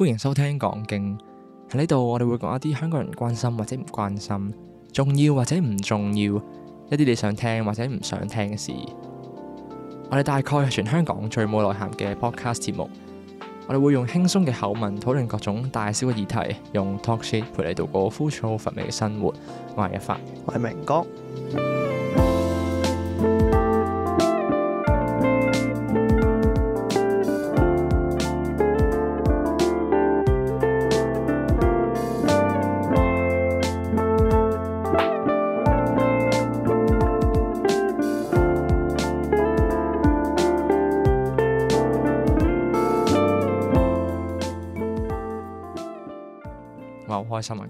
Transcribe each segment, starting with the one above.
歡迎收聽港《講經》，喺呢度我哋會講一啲香港人關心或者唔關心，重要或者唔重要，一啲你想聽或者唔想聽嘅事。我哋大概係全香港最冇內涵嘅 podcast 節目，我哋會用輕鬆嘅口吻討論各種大小嘅議題，用 talk shit 陪你度過枯燥乏味嘅生活。我係一發，我係明哥。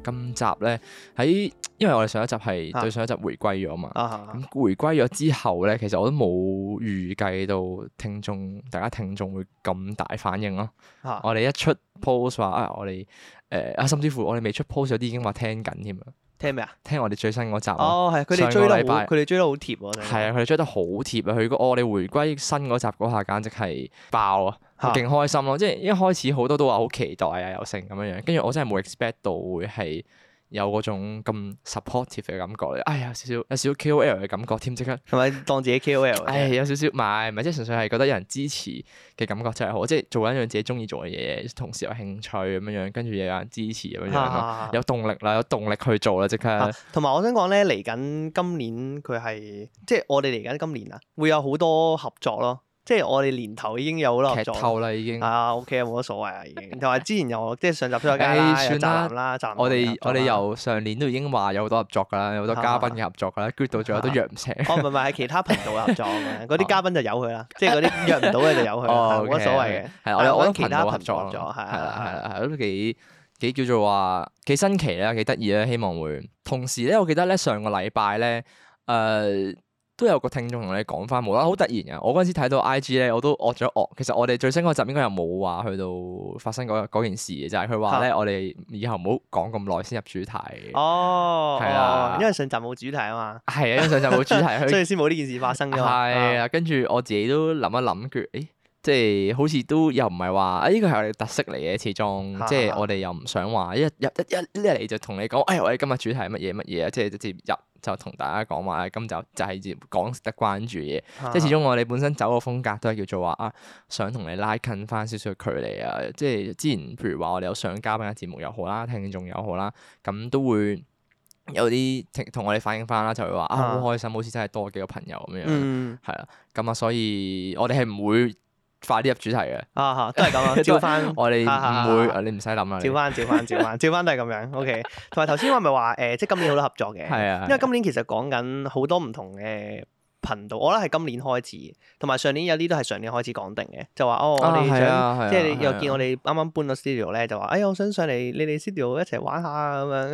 今集咧喺，因為我哋上一集係對上一集回歸咗嘛，咁回歸咗之後咧，其實我都冇預計到聽眾，大家聽眾會咁大反應咯。啊、我哋一出 post 話啊、哎，我哋誒啊，甚至乎我哋未出 post 嗰啲已經話聽緊添啊。聽咩啊？聽我哋最新嗰集哦，係佢哋追得，佢哋追得好貼。係啊，佢哋追得好貼啊！佢個哦，你回歸新嗰集嗰下，簡直係爆啊，勁開心咯、啊！係啊。即係一開始好多都話好期待啊，又剩咁樣樣，跟住我真係冇 expect 到會係。有嗰種咁 supportive 嘅感覺咧，哎呀，有少少有少少 KOL 嘅感覺添，即刻同埋當自己 KOL，哎，有少少，唔係，唔係，即係純粹係覺得有人支持嘅感覺就係好，即係做一樣自己中意做嘅嘢，同時有興趣咁樣樣，跟住又有人支持咁樣樣有動力啦、啊，有動力去做啦、啊，即刻。同埋我想講咧，嚟緊今年佢係即係我哋嚟緊今年啊，會有好多合作咯。即係我哋年頭已經有好多合作啦，已經啊 OK，冇乜所謂啊。已經就係之前又即係上集都有嘉賓，我哋我哋由上年都已經話有好多合作噶啦，有好多嘉賓嘅合作噶啦，到最後都約唔成。哦，唔係唔係係其他頻道合作嘅，嗰啲嘉賓就由佢啦，即係嗰啲約唔到嘅就由佢，冇乜所謂嘅。係我覺得其他頻道合作咗，係係係都幾幾叫做話幾新奇啦，幾得意啦。希望會同時咧，我記得咧上個禮拜咧，誒。都有個聽眾同你講翻，冇啦，好突然啊！我嗰陣時睇到 I G 咧，我都惡咗惡。其實我哋最新嗰集應該又冇話去到發生嗰嗰件事嘅，就係佢話咧，我哋以後唔好講咁耐先入主題。哦，係啦的、哦，因為上集冇主題啊嘛。係啊，因為上集冇主題， 所以先冇呢件事發生嘅。係啊，跟住我自己都諗一諗，覺得誒 即係好似都又唔係話，誒呢個係我哋特色嚟嘅，始終即係 我哋又唔想話，一入一入一入一嚟就同你講，哎我哋今日主題係乜嘢乜嘢啊，即係直接入。就同大家講話啊，今集就係講值得關注嘅嘢，即係、啊、始終我哋本身走嘅風格都係叫做話啊，想同你拉近翻少少距離啊，即係之前譬如話我哋有上嘉賓嘅節目又好啦，聽眾又好啦，咁都會有啲同我哋反映翻啦，就會話啊好、啊、開心，好似真係多咗幾個朋友咁樣，係啦、嗯，咁啊，所以我哋係唔會。快啲入主題嘅，啊啊，都係咁樣，照翻，我哋唔會，你唔使諗啊。照翻，照翻，照翻，照翻都係咁樣，OK。同埋頭先我咪話，誒、呃，即係今年好多合作嘅， 因為今年其實講緊好多唔同嘅。呃 頻道我得係今年開始，同埋上年有啲都係上年開始講定嘅，就話哦，我哋想即係又見我哋啱啱搬咗 studio 咧，就話哎呀，我想上嚟你哋 studio 一齊玩下咁樣。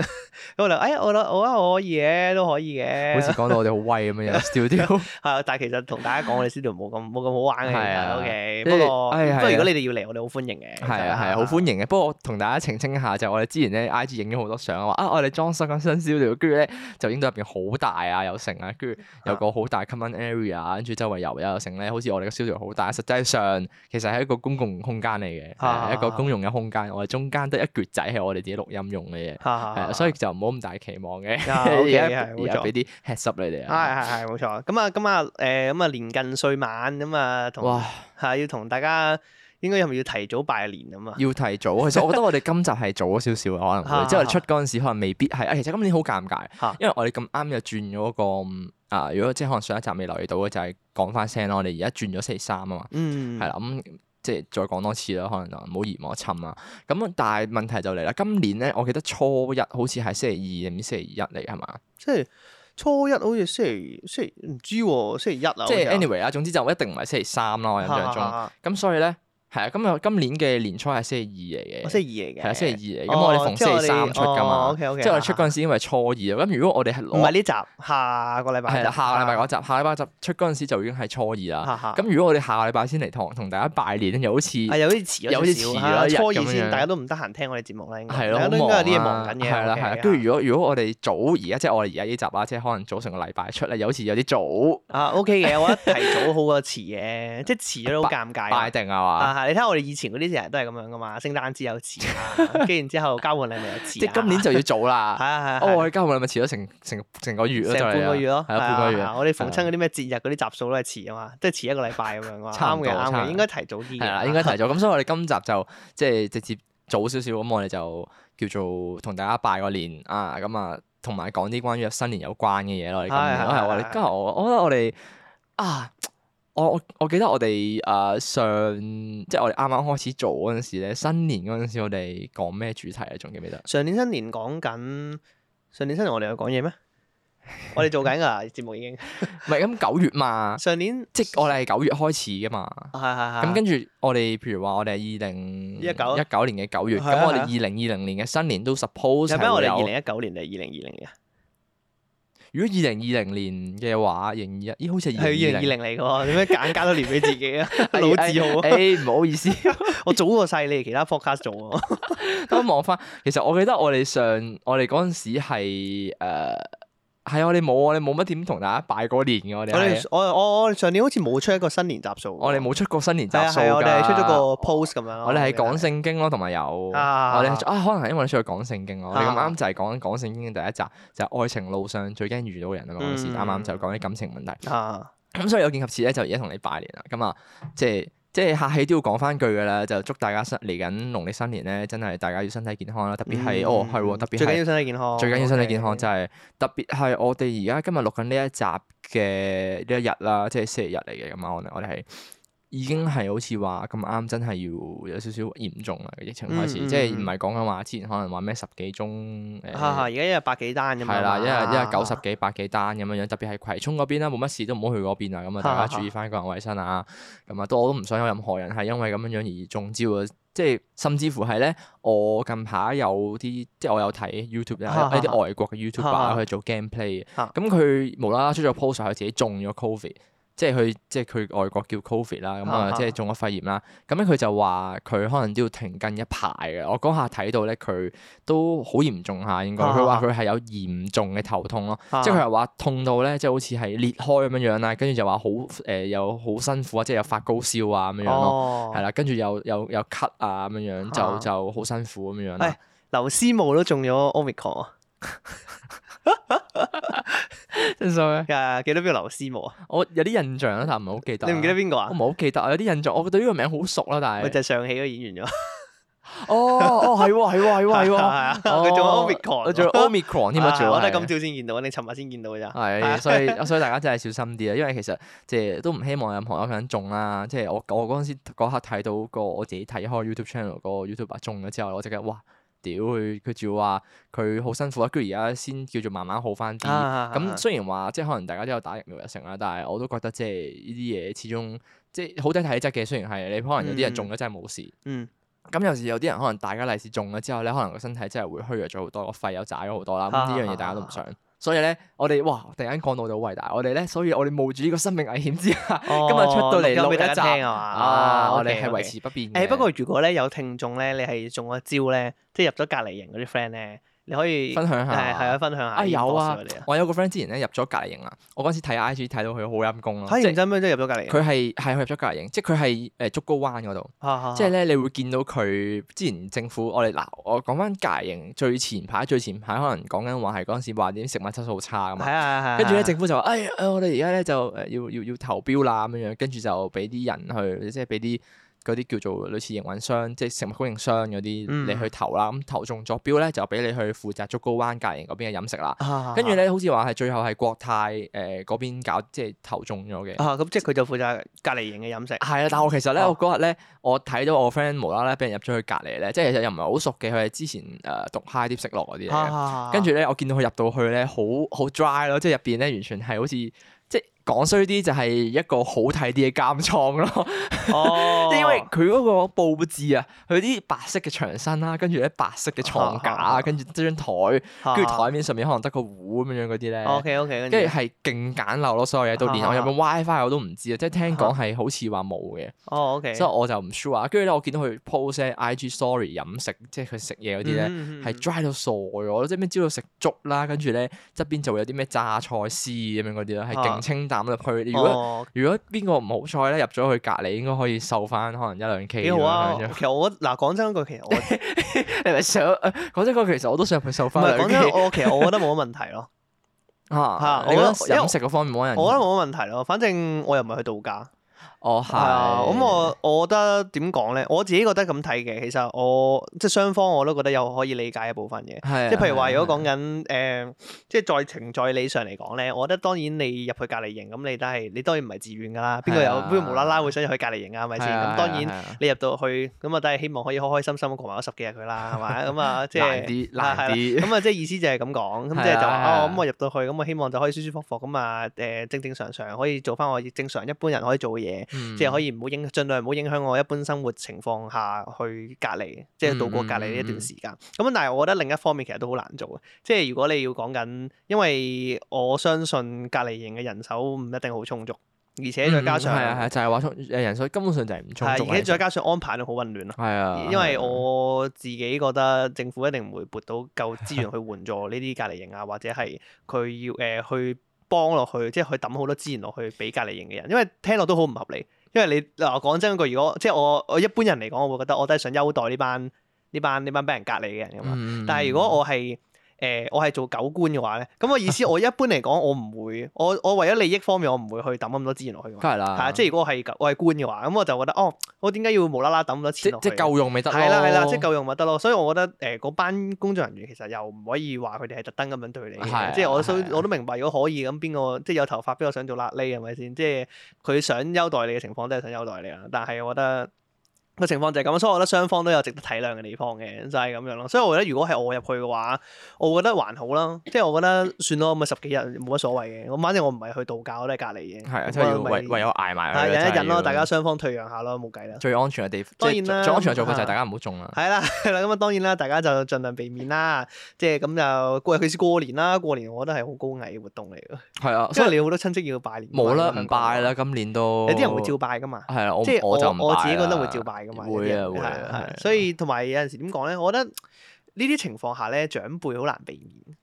咁我話哎呀，我諗我啊可以嘅，都可以嘅。好似講到我哋好威咁樣，studio。但係其實同大家講我哋 studio 冇咁冇咁好玩嘅，OK。不過不過如果你哋要嚟，我哋好歡迎嘅。係啊係啊，好歡迎嘅。不過同大家澄清一下，就我哋之前咧，I G 影咗好多相，話啊我哋裝修緊新 studio，跟住咧就影到入邊好大啊，有成啊，跟住有個好大蚊 area 跟住周圍遊，有成咧，好似我哋嘅 studio 好大。實際上其實係一個公共空間嚟嘅，啊、一個公用嘅空間。我哋中間得一橛仔係我哋自己錄音用嘅嘢，係啊，啊所以就唔好咁大期望嘅。O K，冇錯，俾啲 heads up 你哋。係係係，冇錯。咁啊咁啊，誒咁啊，年近歲晚咁啊，同嚇要同哇大家。應該係咪要提早拜年啊嘛？要提早，其實我覺得我哋今集係早咗少少，可能會，即係 我哋出嗰陣時可能未必係。啊， 其實今年好尷尬，因為我哋咁啱又轉咗個啊，如果即係可能上一集未留意到嘅就係講翻聲咯。我哋而家轉咗星期三啊嘛，係啦、嗯，咁即係再講多次咯，可能，就唔好嫌我沉啊。咁但係問題就嚟啦，今年咧，我記得初一好似係星期二定唔知星期一嚟係嘛？即係初一好似星期星期唔知喎，星期一啊。即係 anyway 啊，any way, 總之就一定唔係星期三咯，我印象中。咁 所以咧。係啊，今日今年嘅年初係星期二嚟嘅，星期二嚟嘅，係啊星期二嚟嘅。咁我哋逢星期三出㗎嘛，即係我哋出嗰陣時因為初二啊。咁如果我哋係，唔係呢集下個禮拜，係啊下禮拜嗰集，下禮拜集出嗰陣時就已經係初二啦。咁如果我哋下禮拜先嚟同同大家拜年，又好似，係又好似遲咗，又好似遲咗，初二先大家都唔得閒聽我哋節目啦，應該係咯，大家應該有啲嘢忙緊嘅。係啦係啦，跟住如果如果我哋早而家即係我哋而家呢集啦，即係可能早成個禮拜出咧，又好似有啲早啊。OK 嘅，我覺得提早好過遲嘅，即係遲咗都好尷尬。拜定係嘛？你睇我哋以前嗰啲成日都係咁樣噶嘛，聖誕節有遲啊，跟住然之後交換禮物有遲， 即今年就要早啦。係係、 哦，我哋交換禮物遲咗成成成個月咯，就係半個月咯，係 半個月、 嗯 呃。我哋逢親嗰啲咩節日嗰啲集數都係遲啊嘛，即係遲一個禮拜咁樣啊嘛。啱嘅，啱嘅、嗯， 應該提早啲。係啦，應該提早。咁所以我哋今集就即係直接早少少咁， 我哋就叫做同大家拜個年啊，咁啊，同埋講啲關於新年有關嘅嘢咯。係係，我哋交，我覺得我哋啊。我我記得我哋誒上，即係我哋啱啱開始做嗰陣時咧，新年嗰陣時我哋講咩主題啊？仲記唔記得？上年新年講緊，上年新年我哋有講嘢咩？ 我哋做緊噶節目已經唔係咁九月嘛？上年即我哋係九月開始噶嘛？咁跟住我哋譬如話我哋係二零一九一九年嘅九月，咁 我哋二零二零年嘅新年都 suppose 係咪 我哋二零一九年定二零二零年啊？如果二零二零年嘅話，營業咦好似係二零二零嚟嘅喎，點解揀揀到年俾自己啊？ 老字號啊！唔、 哎哎哎、好意思， 我早過晒你哋其他 p o d c a s t 做啊！咁望翻，其實我記得我哋上我哋嗰陣時係誒。Uh, 係啊，我哋冇啊，我哋冇乜點同大家拜過年嘅，我哋我我我，我上年好似冇出一個新年集數。我哋冇出過新年集數，我哋係出咗個 post 咁樣。我哋係講聖經咯，同埋有、啊、我哋啊，可能係因為出去講聖經咯。啊、我哋咁啱就係講講聖經嘅第一集，就係、愛情路上最驚遇到人啊嗰陣時，啱啱、嗯、就講啲感情問題。咁、嗯啊、 所以有見及此咧，就而家同你拜年啦。咁啊，即係。即係客氣都要講翻句㗎喇，就祝大家生嚟緊農曆新年咧，真係大家要身體健康啦，特別係、嗯、哦係喎，特別係最緊要身體健康，最緊要身體健康就係、是、Okay. 特別係我哋而家今日錄緊呢一集嘅呢一日啦，即係星期日嚟嘅咁啊，我哋我哋係。已經係好似話咁啱，真係要有少少嚴重啦！疫情開始，嗯嗯、即係唔係講緊話之前可能話咩十幾宗誒，呃、 而家一日百幾單咁，係啦，一日一日九十幾百幾單咁樣樣。特別係葵涌嗰邊啦，冇乜事都唔好去嗰邊啊！咁啊，大家注意翻個人衞生啊！咁啊哈、嗯，都我都唔想有任何人係因為咁樣樣而中招啊！即係甚至乎係咧，我近排有啲即係我有睇 YouTube 啊，喺啲外國嘅 YouTuber 去做 gameplay 咁佢無啦啦出咗 post，佢自己中咗 COVID。即係佢，即係佢外國叫 Covid 啦，咁啊，即係中咗肺炎啦。咁咧佢就話佢可能都要停更一排嘅。我嗰下睇到咧，佢都好嚴重下、啊。應該佢話佢係有嚴重嘅頭痛咯、啊呃。即係佢係話痛到咧，即係好似係裂開咁樣樣啦。跟住就話好誒，有好辛苦啊，即係又發高燒啊咁樣咯，係啦。跟住又又又咳啊咁樣，啊啊、就就好辛苦咁樣啦、啊哎。劉思慕都中咗 Omicron 啊！ 真晒啊！記得邊個劉思慕啊？我有啲印象啦，但係唔係好記得。你唔記得邊個啊？我唔係好記得啊，有啲印象。我對呢個名好熟啦，但係佢就係上戲嗰個演員啫。哦哦，係係係係啊！仲有 omicron，仲有 omicron 添啊！我係今朝先見到，你尋日先見到咋？係，所以所以大家真係小心啲啊，因為其實即係都唔希望任何一個人咁樣中啦。即係我我嗰陣時嗰刻睇到個我自己睇開 YouTube channel 嗰個 YouTuber 中咗之後，我即刻哇！屌佢，佢仲要話佢好辛苦啊！跟住而家先叫做慢慢好翻啲。咁、啊啊、雖然話即係可能大家都有打疫苗成啦，但係我都覺得即係呢啲嘢始終即係好睇體質嘅。雖然係你可能有啲人中咗真係冇事，咁、嗯嗯、有時有啲人可能大家利是中咗之後咧，你可能個身體真係會虛弱咗好多，個肺又曬咗好多啦。咁呢樣嘢大家都唔想。啊啊啊所以咧，我哋哇，突然間講到好偉大。我哋咧，所以我哋冒住呢個生命危險之下，哦、今日出到嚟錄一集。聽啊，我哋係維持不變。誒、欸，不過如果咧有聽眾咧，你係中咗招咧，即係入咗隔離營嗰啲 friend 咧。你可以分享下，係啊，分享下。啊有啊，們我有個 friend 之前咧入咗隔離營啦。我嗰陣時睇 IG 睇到佢好陰功啦。睇認真咩都入咗隔離營。佢係係入咗隔離營，即佢係誒竹篙灣嗰度。啊啊、即係咧，你會見到佢之前政府我哋嗱，我講翻隔離營最前排，最前排可能講緊話係嗰陣時話啲食物質素差咁。嘛、啊。係啊跟住咧政府就話，哎我哋而家咧就要要要，要投標啦咁樣，跟住就俾啲人去，即係俾啲。嗰啲叫做類似營運商，即係食物供應商嗰啲，你去投啦。咁、嗯、投中咗標咧，就俾你去負責竹篙灣隔離嗰邊嘅飲食啦。啊、跟住咧，好似話係最後係國泰誒嗰、呃、邊搞，即係投中咗嘅。啊，咁即係佢就負責隔離營嘅飲食。係啊，但係我其實咧，我嗰日咧，我睇到我 friend 無啦啦俾人入咗去隔離咧，即係其實又唔係好熟嘅，佢係之前誒讀 High 啲食落嗰啲嘅。啊啊、跟住咧，我見到佢入到去咧，好好，好 dry 咯，即係入邊咧完全係好似。講衰啲就係一個好睇啲嘅監倉咯，oh. 因為佢嗰個佈置啊，佢啲白色嘅牆身啦、啊，跟住咧白色嘅床架啊，跟住、uh huh. 張台，跟住台面上面可能得個碗咁樣嗰啲咧。O K O K，跟住係勁簡陋咯，所有嘢到連我有冇 WiFi 我都唔知啊，即係、uh huh. 聽講係好似話冇嘅。哦 O K，所以我就唔 sure 啊。跟住咧，我見到佢 post 喺 IG story 飲食，即係佢食嘢嗰啲咧係 dry 到傻咗咯，即係咩朝早食粥啦，跟住咧側邊就會有啲咩榨菜絲咁樣嗰啲啦，係勁清、uh huh. 清淡。攬落去，如果、哦、如果邊個唔好彩咧，入咗去隔離，應該可以瘦翻可能一兩 K 咁樣。 其實我嗱講真句，其實我，你咪想講真句，其實我都想佢瘦翻。唔係講真，我其實我覺得冇乜問題咯。吓，係我覺得飲食嗰方面，冇乜我我覺得冇乜問題咯。反正我又唔係去度假。哦，係啊，咁我我覺得點講咧？我自己覺得咁睇嘅，其實我即係雙方我都覺得有可以理解嘅部分嘅，即係譬如話如果講緊誒，即係在情在理上嚟講咧，我覺得當然你入去隔離營咁，你都係你當然唔係自願噶啦，邊個有邊個無啦啦會想入去隔離營啊？係咪先？咁當然你入到去咁啊，都係希望可以開開心心過埋嗰十幾日佢啦，係咪啊？咁啊，即係難啲，咁啊，即係意思就係咁講，咁即係就話哦，咁我入到去咁，我希望就可以舒舒服服咁啊，誒，正正常常可以做翻我正常一般人可以做嘅嘢。嗯、即係可以唔好影，儘量唔好影響我一般生活情況下去隔離，即係度過隔離呢一段時間。咁、嗯、但係我覺得另一方面其實都好難做嘅。即係如果你要講緊，因為我相信隔離營嘅人手唔一定好充足，而且再加上係係就係話充人手根本上就係唔充足，而且再加上安排都好混亂咯。係啊、因為我自己覺得政府一定唔會撥到夠資源去援助呢啲隔離營啊，係啊、或者係佢要誒、呃、去。幫落去，即係佢抌好多資源落去俾隔離營嘅人，因為聽落都好唔合理。因為你嗱，我講真嗰句，如果即係我我一般人嚟講，我會覺得我都係想優待呢班呢班呢班俾人隔離嘅人噶嘛。嗯、但係如果我係，誒、呃，我係做狗官嘅話咧，咁我意思，我一般嚟講， 我唔會，我我為咗利益方面，我唔會去抌咁多資源落去。咁係、嗯、即係如果係我係官嘅話，咁、嗯、我就覺得，哦，我點解要無啦啦抌咁多錢落去？即係夠用咪得？係啦係啦，即係夠用咪得咯？所以我覺得誒，嗰、呃、班工作人員其實又唔可以話佢哋係特登咁樣對你的即係我都我都明白，如果可以咁，邊個即係有頭髮邊個想做癩痢係咪先？即係佢想優待你嘅情況，都係想優待你啦。但係我覺得。個情況就係咁，所以我覺得雙方都有值得體諒嘅地方嘅，就係咁樣咯。所以我覺得如果係我入去嘅話，我覺得還好啦，即係我覺得算咯，咁啊十幾日冇乜所謂嘅。咁反正我唔係去度假，我都係隔離嘅。係，即係為唯有捱埋。係，忍一忍咯，大家雙方退讓下咯，冇計啦。最安全嘅地方，當然啦。最安全嘅做法就係大家唔好中啦。係啦，係啦，咁啊當然啦，大家就盡量避免啦。即係咁就過，尤其是過年啦。過年我覺得係好高危嘅活動嚟嘅。係啊，所以你好多親戚要拜年。冇啦，唔拜啦，今年都。有啲人會照拜㗎嘛？係啦，即係我，我就我自己覺得會照拜。會啊會啊，所以同埋有陣時點講咧，我覺得呢啲情況下咧，長輩好難避免。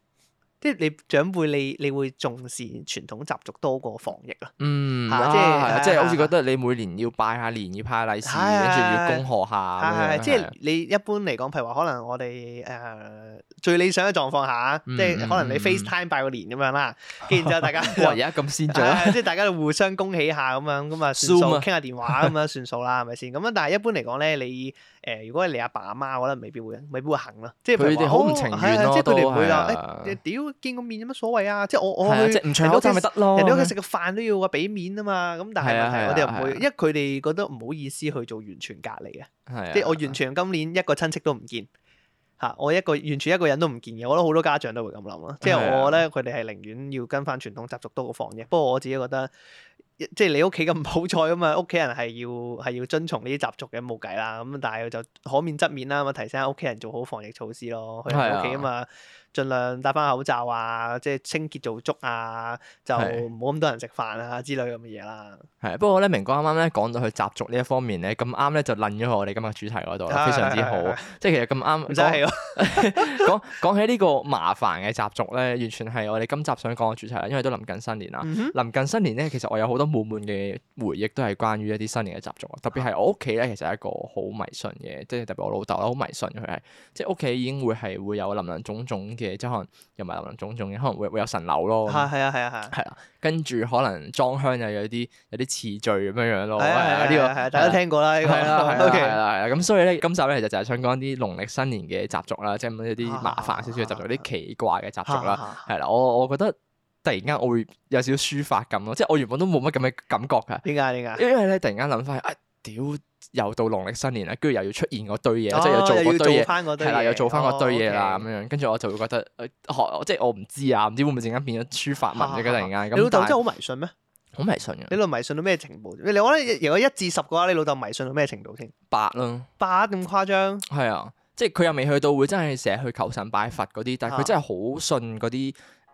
即係你長輩，你你會重視傳統習俗多過防疫啊？嗯，即係即係好似覺得你每年要拜下年，要派下利是，跟住要恭賀下。係係，即係你一般嚟講，譬如話可能我哋誒最理想嘅狀況下，即係可能你 FaceTime 拜個年咁樣啦，跟住然之後大家哇而家咁先進，即係大家互相恭喜下咁樣，咁啊算數，傾下電話咁樣算數啦，係咪先？咁啊，但係一般嚟講咧，你。誒，如果係你阿爸阿媽，我覺得未必會，未必會行咯。即係佢哋好唔情願咯。即係佢哋會話，誒屌，見個面有乜所謂啊？即係我我即係唔長老親咪失咯。人哋去食個飯都要話俾面啊嘛。咁但係我哋又唔會，因為佢哋覺得唔好意思去做完全隔離嘅。即係我完全今年一個親戚都唔見，嚇我一個完全一個人都唔見嘅。我覺得好多家長都會咁諗咯。即係我咧，佢哋係寧願要跟翻傳統習俗多過防疫嘅。不過我自己覺得。即係你屋企咁唔好彩咁啊，屋企人係要係要遵從呢啲習俗嘅冇計啦。咁但係就可免則免啦，咁啊，提醒屋企人做好防疫措施咯。去人哋屋企啊嘛～盡量戴翻口罩啊，即係清潔做足啊，是就唔好咁多人食飯啊之類咁嘅嘢啦。係，不過咧明哥啱啱咧講到佢習俗呢一方面咧，咁啱咧就論咗我哋今日主題嗰度，哎、呀非常之好。哎、呀即係其實咁啱講講講起呢個麻煩嘅習俗咧，完全係我哋今集想講嘅主題啦，因為都臨近新年啦。臨、嗯、哼近新年咧，其實我有好多悶悶嘅回憶，都係關於一啲新年嘅習俗。特別係我屋企咧，其實係一個好迷信嘅，即係特別我老豆啦，好迷信佢係，即係屋企已經會係會有林林種種，種。嘅即可能又唔係林林種種嘅，可能會會有神流咯。係啊係啊係啊係。係啦，跟住可能裝香又有啲有啲次序咁樣樣咯。呢個係大家都聽過啦。係啦，OK 係啦。咁所以咧，今集咧其實就係想講啲農曆新年嘅習俗啦，即係咁有啲麻煩少少嘅習俗，有啲奇怪嘅習俗啦。係啦，我我覺得突然間我會有少少抒發感咯，即係我原本都冇乜咁嘅感覺噶。點解？點解？因為咧突然間諗翻。屌，又到農曆新年啦，跟住又要出現嗰堆嘢，哦、即係又做嗰堆嘢，係啦，又做翻嗰堆嘢啦咁樣。跟住、哦 okay. 我就會覺得，學即係我唔知啊，唔知會唔會陣間變咗書法文嘅、啊、突然間。你老豆真係好迷信咩？好迷信嘅、啊。你老豆迷信到咩程度？你我覺得如果一至十嘅話，你老豆迷信到咩程度先？八咯了。八咁誇張？係啊，即係佢又未去到會真係成日去求神拜佛嗰啲，但係佢真係好信嗰啲、啊。誒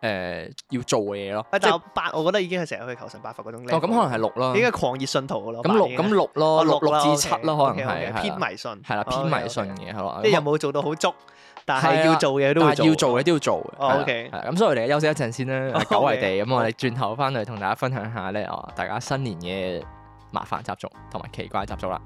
要做嘅嘢咯，八，我覺得已經係成日去求神拜佛嗰種。哦，咁可能係六咯，已經係狂熱信徒嘅咯。咁六，咁六咯，六六至七咯，可能係偏迷信，係啦，偏迷信嘅，係嘛。即係又冇做到好足，但係要做嘢都要做嘅都要做。哦，OK。咁所以我哋休息一陣先啦，久違地。咁我哋轉頭翻嚟同大家分享下咧，哦，大家新年嘅麻煩習俗同埋奇怪習俗啦。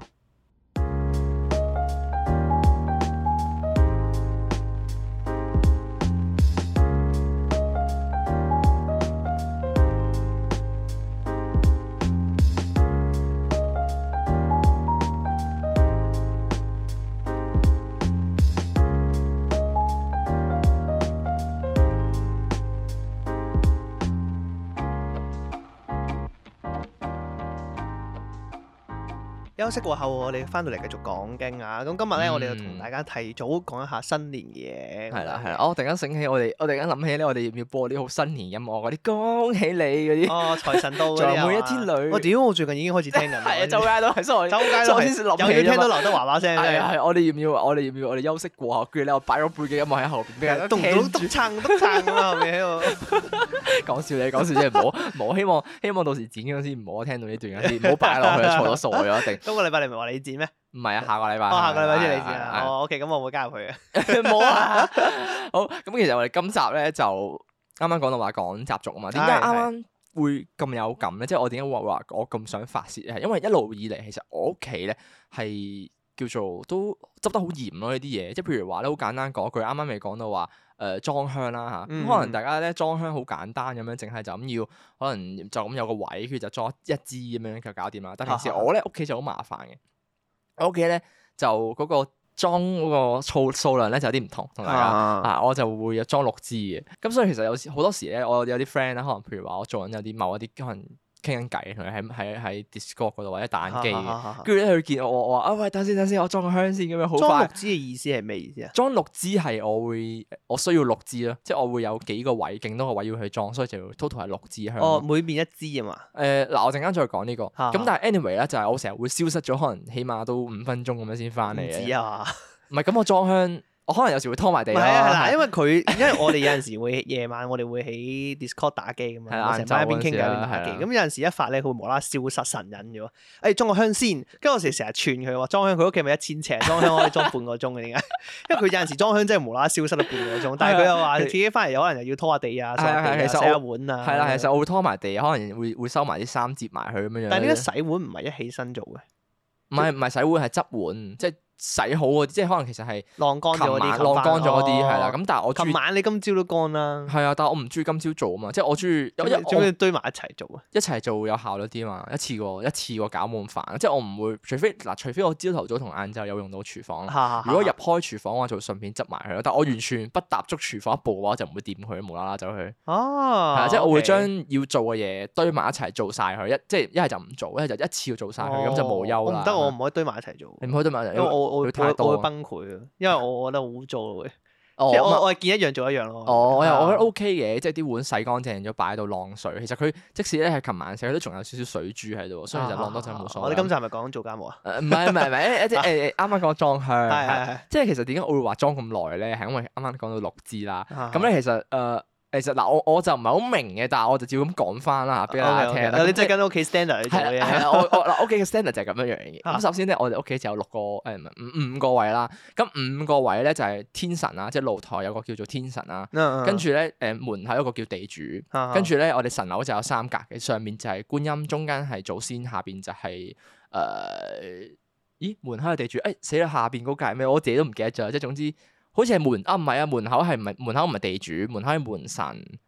休息過後，我哋翻到嚟繼續講經啊！咁今日咧，我哋就同大家提早講一下新年嘢。係啦係啦，我突然間醒起，我哋我突然間諗起咧，我哋要唔要播啲好新年音樂嗰啲恭喜你嗰啲，哦，財神到嗰每一天裏，我屌，我最近已經開始聽人係啊！周街都係衰，周街都係，有冇聽到劉德華把聲？係係，我哋要唔要？我哋要唔要？我哋休息過後，跟住咧我擺咗背景音樂喺後邊，咚咚咚撐咚撐咁啊！後面喺度講笑，你講笑啫，唔好唔好，希望希望到時剪嗰陣時唔好聽到呢段嗰啲，唔好擺落去，錯咗傻咗一定。今個禮拜你唔係話你剪咩？唔係啊，下個禮拜。下個禮拜你先你剪啊。哦，OK，咁我會加入去啊！ 冇啊。好，咁其實我哋今集咧就啱啱講到話講習俗啊嘛。點解啱啱會咁有感咧？哎、呀即係我點解會話我咁想發洩？係因為一路以嚟其實我屋企咧係叫做都執得好嚴咯呢啲嘢。即係譬如話咧，好簡單講一句，啱啱未講到話。誒、呃、裝香啦嚇，咁、嗯、可能大家咧裝香好簡單咁樣，淨係就咁要，可能就咁有個位，跟住就裝一支咁樣就搞掂啦。但平時我咧屋企就好麻煩嘅，我屋企咧就嗰個裝嗰個數數量咧就有啲唔同同大家啊，哈 啊，我就會有裝六支嘅。咁所以其實有時好多時咧，我有啲 friend 咧，可能譬如話我做緊有啲某一啲可能。傾緊偈，同佢喺喺喺 Discord 嗰度或者打緊機跟住咧佢見我，我話：啊喂，等陣先等陣先，我裝個香先，咁樣好快。裝六支嘅意思係咩意思啊？裝六支係我會，我需要六支咯，即係我會有幾個位，勁多個位要去裝，所以就 total 係六支香。哦，每邊一支啊嘛。誒，嗱，我陣間再講呢、這個。咁 但係 anyway 咧，就係我成日會消失咗，可能起碼都五分鐘咁樣先翻嚟啊唔係，咁 我裝香。我可能有時會拖埋地，係啦，因為佢因為我哋有陣時會夜晚我哋會喺 Discord 打機咁樣，成日喺邊傾偈邊打機。咁有陣時一發咧，佢會無啦啦消失神隱咗。誒，裝個香先。跟住我成日成日串佢話裝香，佢屋企咪一千尺，裝香可以裝半個鐘嘅點解？因為佢有陣時裝香真係無啦啦消失咗半個鐘。但係佢又話自己翻嚟有可能又要拖下地啊，洗下碗啊。係啦，其實我會拖埋地，可能會會收埋啲衫摺埋佢咁樣。但係呢洗碗唔係一起身做嘅，唔係唔係洗碗係執碗即係。洗好啊，即係可能其實係晾乾咗嗰啲，晾乾咗嗰啲係啦。咁但係我琴晚你今朝都乾啦。係啊，但係我唔中意今朝做啊嘛，即係我中意有咩堆埋一齊做啊。一齊做有效率啲嘛，一次過一次過搞滿煩，即係我唔會除非嗱，除非我朝頭早同晏晝有用到廚房啦。如果入開廚房嘅話，就順便執埋佢咯。但我完全不踏足廚房一步嘅話，就唔會掂佢啦，無啦啦走去。哦，係啊，即係我會將要做嘅嘢堆埋一齊做晒佢，一即係一係就唔做，一係就一次要做晒佢，咁就無憂啦。唔得，我唔可以堆埋一齊做。你唔可以堆埋一齊。我會，我會崩潰嘅，因為我覺得好污糟咯，會。即我我係見一樣做一樣咯。哦，我又我覺得 O K 嘅，即係啲碗洗乾淨咗，擺喺度晾水。其實佢即使咧係琴晚洗，佢都仲有少少水珠喺度，所以就晾多陣冇所謂。我哋今集係咪講做家務啊？唔係唔係唔係，一啲誒，啱啱講裝香，係係係。即係其實點解我會話裝咁耐咧？係因為啱啱講到六枝啦。咁咧其實誒。其實嗱，我我就唔係好明嘅，但係我就照咁講翻啦，俾大 Okay, okay. 那家聽啦。有啲即係跟屋企 standard 你嘢。係屋企嘅 standard 就係咁樣樣嘅。咁首先咧，我哋屋企就有六個誒五五個位啦。咁五個位咧就係、是、天神啦，即係露台有個叫做天神啦。 跟住咧誒門口有個叫地主， 跟住咧我哋神樓就有三格嘅，上面就係觀音，中間係祖先，下邊就係、是、誒、呃、咦門口嘅地主。誒、哎、死啦！下邊嗰格係咩？我自己都唔記得咗。即係總之。總之好似係門啊，唔係啊，門口係，唔係門口唔係地主，門口係門神。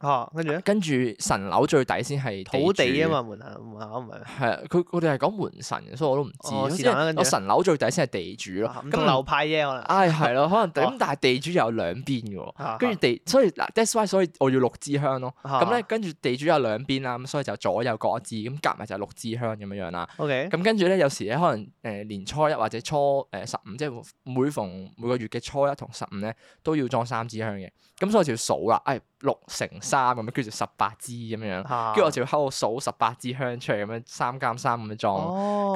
哦，跟住咧，跟住、啊、神樓最底先係土地啊嘛，門下門下唔係咩？係啊，佢佢哋係講門神，所以我都唔知。哦、我神樓最底先係地主咯。咁流派嘢可能。唉、哎，係咯，可能咁， 但係地主有兩邊嘅喎。跟住 地，所以嗱，that's why，所以我要六支香咯。咁咧，跟住地主有兩邊啦，咁所以就左右各一支，咁夾埋就六支香咁樣樣啦。OK。咁跟住咧，有時咧，可能誒年初一或者初誒十五，即係每逢每個月嘅初一同十五咧，都要裝三支香嘅。咁所以我就要數啦。唉、哎。六乘三咁樣，跟住就十八支咁樣，跟住我就要喺度數十八支香出嚟，咁樣三間三咁樣裝，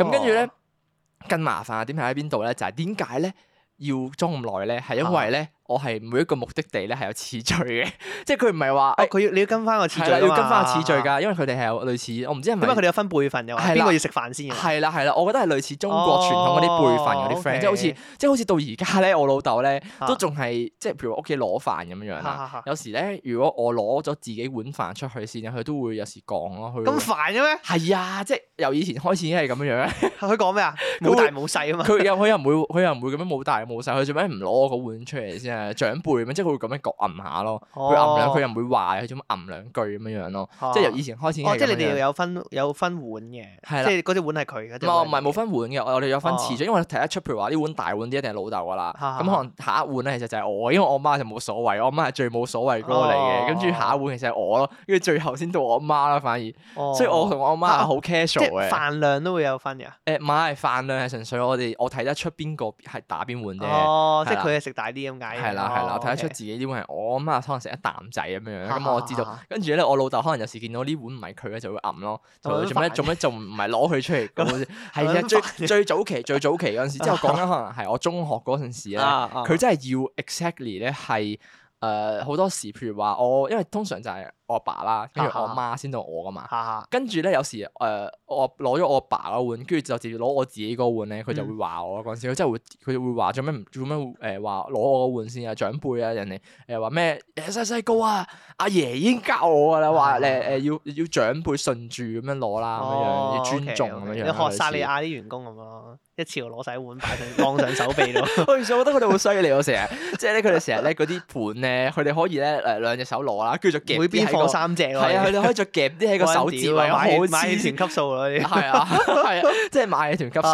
咁跟住咧更麻煩啊！點係喺邊度咧？就係點解咧要裝咁耐咧？係因為咧。啊我係每一個目的地咧係有次序嘅，即係佢唔係話，佢、哦、要你要跟翻個次序，要跟翻個次序噶，啊、因為佢哋係有類似，我唔知係咪，因為佢哋有分輩份嘅嘛，邊個要食飯先？係啦係啦，我覺得係類似中國傳統嗰啲輩份嗰啲 friend，即係好似即係好似到而家咧，我老豆咧都仲係即係，譬如屋企攞飯咁樣樣啦。啊、有時咧，如果我攞咗自己碗飯出去先，佢都會有時講咯，佢咁煩嘅咩？係啊，即係由以前開始已經係咁樣。佢講咩啊？冇大冇細啊嘛。佢又佢又唔會，佢又唔會咁樣冇大冇細。佢做咩？唔攞我個碗出嚟先。誒長輩咁樣，即係佢會咁樣噏下咯，佢噏兩句又唔會話佢係咁樣噏兩句咁樣樣咯，即係由以前開始。即係你哋有分有分碗嘅，即係嗰啲碗係佢嘅。唔係，唔係冇分碗嘅，我哋有分次序，因為睇得出譬如話呢碗大碗啲一定係老豆㗎喇，咁可能下一碗咧其實就係我，因為我媽就冇所謂，我媽係最冇所謂嗰個嚟嘅，跟住下一碗其實係我咯，跟住最後先到我媽啦反而，所以我同我媽係好 casual 嘅。飯量都會有分嘅。誒唔係飯量係純粹我哋我睇得出邊個係打邊碗啫。即係佢係食大啲咁解。係啦，係啦，我睇 得出自己呢碗係我阿媽，可能食一啖仔咁樣，咁我知道。跟住咧，我老豆可能有時見到呢碗唔係佢咧，就會揞咯，做咩做咩仲唔係攞佢出嚟？係啊， 最 最早期最早期嗰陣時，之後講緊可能係我中學嗰陣時咧，佢 真係要 exactly 咧係誒好多時，譬如話我，因為通常就係、是。我阿爸啦，跟住我阿媽先到我噶嘛，跟住咧有時誒、呃，我攞咗我阿爸嗰碗，跟住就直接攞我自己個碗咧，佢就會話我嗰陣、嗯、時，佢真係會佢會話做咩做咩誒話攞我個碗先啊，長輩啊，人哋誒話咩誒細細個啊，阿爺，爺已經教我噶啦，話誒誒要要長輩順住咁樣攞啦，咁樣、哦、要尊重咁樣，啊、okay, 樣，學薩莉亞啲員工咁咯，一次攞曬碗擺上放上手臂度，所以 我覺得佢哋好犀利，我成日 即係咧佢哋成日咧嗰啲盤咧，佢哋 可以咧誒兩隻手攞啦，跟住就夾邊放。三隻咯，係啊！佢哋可以再夾啲喺個手指位，買買起全級數咯。係啊，係啊，即係買起全級數。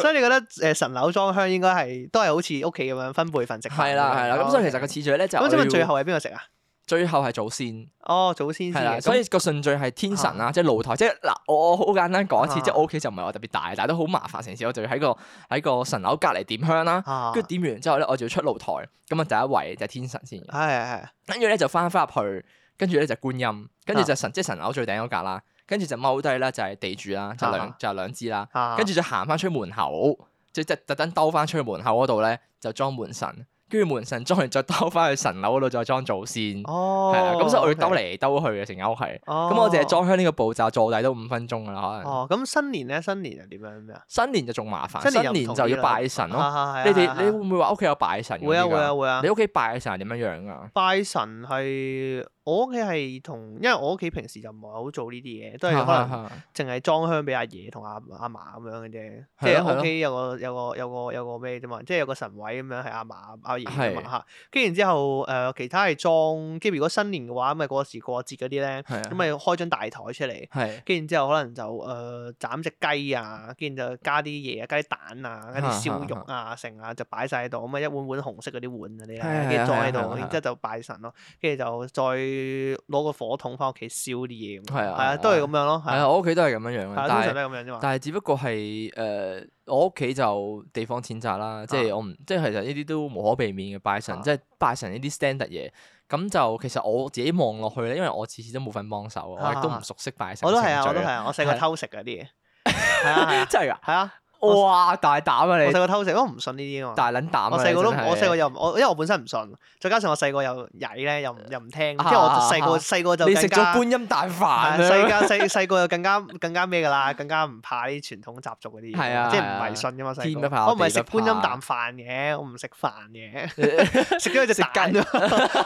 所以你覺得誒神樓裝香應該係都係好似屋企咁樣分輩份食。係啦，係啦。咁所以其實個次序咧就咁啊。請問最後係邊個食啊？最後係祖先。哦，祖先食。所以個順序係天神啊，即係露台。即係嗱，我好簡單講一次。即係我屋企就唔係話特別大，但係都好麻煩成事。我就要喺個喺個神樓隔籬點香啦。跟住點完之後咧，我就要出露台。咁啊，第一位就係天神先。係係。跟住咧就翻返入去。跟住咧就觀音，跟住就神，即神樓最頂嗰格啦。跟住就踎低咧，就係地主啦，就兩就兩支啦。跟住就行翻出門口，即即特登兜翻出門口嗰度咧，就裝門神。跟住門神裝完，再兜翻去神樓嗰度再裝祖先。哦，係對、嗯、啊，咁所以我要兜嚟兜去嘅成間屋係。哦，咁我淨係裝香呢個步驟，坐底都五分鐘㗎啦。可能咁新年咧，新年又點樣咩啊？新年就仲麻煩，新年就，新年就要拜神咯、嗯嗯嗯嗯。你哋你會唔會話屋企有拜神？會啊會啊會啊！你屋企拜神點樣樣噶？拜神係。我屋企係同，因為我屋企平時就唔係好做呢啲嘢，都係可能淨係裝香俾阿爺同阿阿嫲咁樣嘅啫，即係屋企有個有個有個有個咩啫嘛，即係有個神位咁樣係阿嫲阿爺啊嘛嚇。跟住然之後誒，其他係裝，跟住如果新年嘅話，咁咪過時過節嗰啲咧，咁咪開張大台出嚟。係。跟住然之後可能就誒斬隻雞啊，跟住就加啲嘢加啲蛋啊，加啲燒肉啊，剩啊，就擺晒喺度，咁啊一碗碗紅色嗰啲碗嗰啲啊，跟住再喺度，然之後就拜神咯，跟住就再。攞個火筒翻屋企燒啲嘢，係啊，係啊，都係咁樣咯。係啊，我屋企都係咁樣樣嘅，但係但係只不過係誒，我屋企就地方淺窄啦，即係我唔，即係其實呢啲都無可避免嘅拜神，即係拜神呢啲 standard 嘢。咁就其實我自己望落去咧，因為我次次都冇份幫手，我亦都唔熟悉拜神。我都係啊，我都係啊，我細個偷食嗰啲嘢，係啊，真係啊，係啊。哇！大膽啊你！我細個偷食我唔信呢啲㗎嘛！大撚膽！我細個都我細個又我因為我本身唔信，再加上我細個又曳咧，又唔又唔聽。即係我細個細個就你食咗觀音大飯，細個細細個又更加更加咩㗎啦，更加唔怕啲傳統習俗嗰啲。係即係唔迷信㗎嘛？細個我唔係食觀音啖飯嘅，我唔食飯嘅，食咗佢隻雞咯，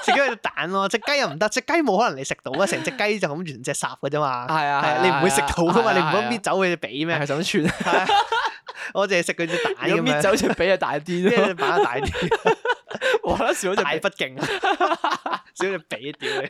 食咗佢隻蛋咯。隻雞又唔得，隻雞冇可能你食到啊！成隻雞就咁完隻閂㗎啫嘛。係啊，你唔會食到㗎嘛？你唔好搣走佢隻髀咩？係想串我淨係食佢隻蛋咁樣，搣走隻髀就大啲， 咩板大啲，我諗少咗隻太不敬，少隻髀屌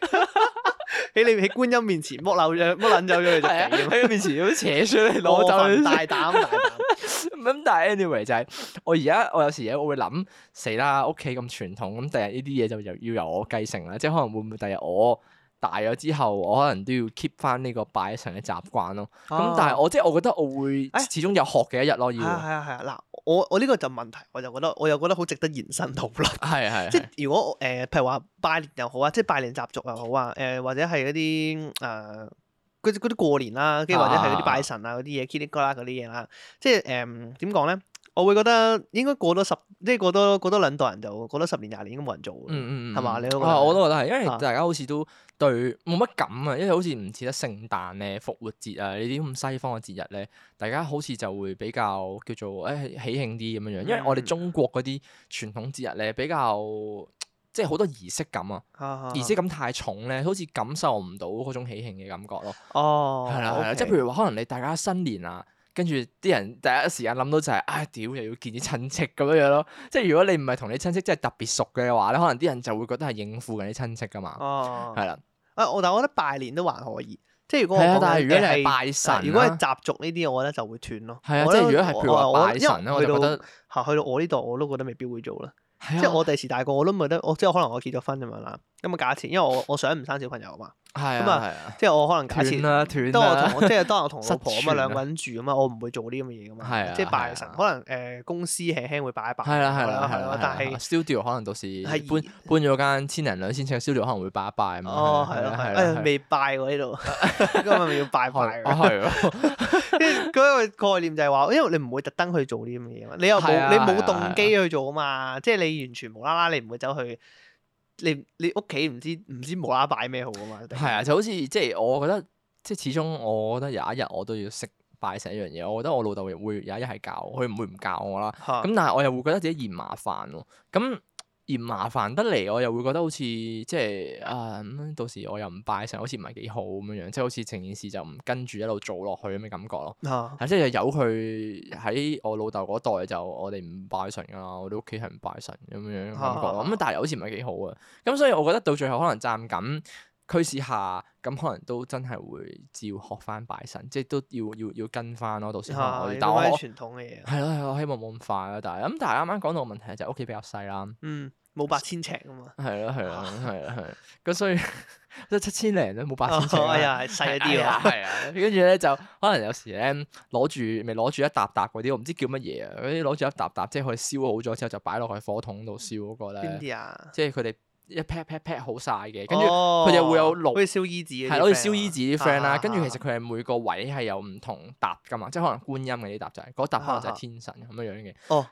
你，喺你喺觀音面前剝漏咗，剝捻走咗你就勁。喺佢面前都扯衰，攞走你大膽大膽。咁但係 anyway 就係我而家我有時嘢我會諗，死啦屋企咁傳統，咁第日呢啲嘢就由要由我繼承啦，即可能會唔會第日我。大咗之後，我可能都要 keep 翻呢個拜神嘅習慣咯。咁、oh. 但係我即係我覺得我會始終有學嘅一日咯。唉要係啊係啊嗱，我我呢個就問題，我就覺得我又覺得好值得延伸討論。即係如果誒、呃，譬如話拜年又好啊，即係拜年習俗又好、呃呃、啊，誒或者係嗰啲誒嗰啲嗰啲過年啦，跟住或者係嗰啲拜神啊嗰啲嘢，Kitty 哥啦嗰啲嘢啦，即係誒點講咧？呃我會覺得應該過多十，即係過多過多兩代人就過多十年廿年應該冇人做嘅，係嘛、嗯？嗯、吧你都、啊、覺得我都覺得係，因為大家好似都對冇乜感啊，因為好似唔似得聖誕咧、復活節啊呢啲咁西方嘅節日咧，大家好似就會比較叫做誒喜慶啲咁樣樣，因為我哋中國嗰啲傳統節日咧比較即係好多儀式感啊，啊儀式感太重咧，好似感受唔到嗰種喜慶嘅感覺咯。哦，係啦，即譬如話可能你大家新年啊。跟住啲人第一時間諗到就係、是、啊、哎，屌又要見啲親戚咁樣樣咯。即係如果你唔係同你親戚即係特別熟嘅話咧，可能啲人就會覺得係應付緊啲親戚噶嘛。哦，係啦。啊，我的但係我覺得拜年都還可以。即係如果我講嘅係拜神、啊，如果係習俗呢啲，我覺得就會斷咯。即係如果係譬如拜神咧，我覺得下去，去到我呢度我都覺得未必會做啦。啊、即係我第時大個我都覺得，我即係可能我結咗婚就冇啦。咁嘅價錢，因為我我想唔生小朋友啊嘛，咁啊，即係我可能價錢啦，斷啦，即係當我同老婆咁啊，兩個人住咁啊，我唔會做啲咁嘅嘢噶嘛，即係拜神，可能誒公司輕輕會拜一拜，係啦係啦係啦，但係 studio 可能到時搬搬咗間千零兩千尺嘅 studio 可能會拜一拜啊嘛，哦係啦係啦，哎呀未拜喎呢度，咁啊要拜拜，係咯，因為嗰個概念就係話，因為你唔會特登去做啲咁嘅嘢，你又冇你冇動機去做啊嘛，即係你完全無啦啦，你唔會走去。你你屋企唔知唔知無啦啦擺咩好啊嘛？係啊，就好似即係我覺得即係始終我覺得有一日我都要識拜成一樣嘢。我覺得我老豆會有一日係教我，佢唔會唔教我啦。咁哈 但係我又會覺得自己嫌麻煩喎。咁嫌麻煩得嚟，我又會覺得好似即係啊咁，到時我又唔拜神，好似唔係幾好咁樣樣，即係好似成件事就唔跟住一路做落去咁嘅感覺咯。啊，即係由佢喺我老豆嗰代就我哋唔拜神㗎喇，我哋屋企係唔拜神咁樣感覺。咁但係又好似唔係幾好啊。咁所以我覺得到最後可能站緊驅使下咁可能都真係會照學翻拜神，即都要要要跟翻咯。到時，但我係傳統嘅嘢，係咯係咯，希望冇咁快咯。但係咁，但係啱啱講到個問題就屋企比較細啦。冇八千尺啊嘛。係咯係咯係啊係。咁所以即七千零都冇八千尺，哎呀，細咗啲啊！係啊、 嗯，跟住咧就可能有時咧攞住咪攞住一沓沓嗰啲，我唔知叫乜嘢、那個、啊。嗰啲攞住一沓沓，即係去燒好咗之後，就擺落去火桶度燒嗰個咧。邊啲啊？即係佢哋。一 pat pat pat 好晒嘅，跟住佢又會有爐好似燒衣紙，係咯、哦，好似燒衣紙啲 friend 啦。啊啊、跟住其實佢係每個位係有唔同搭噶嘛，啊啊、即係可能觀音嗰啲搭就係嗰搭可能就係天神咁、啊、樣樣嘅。哦，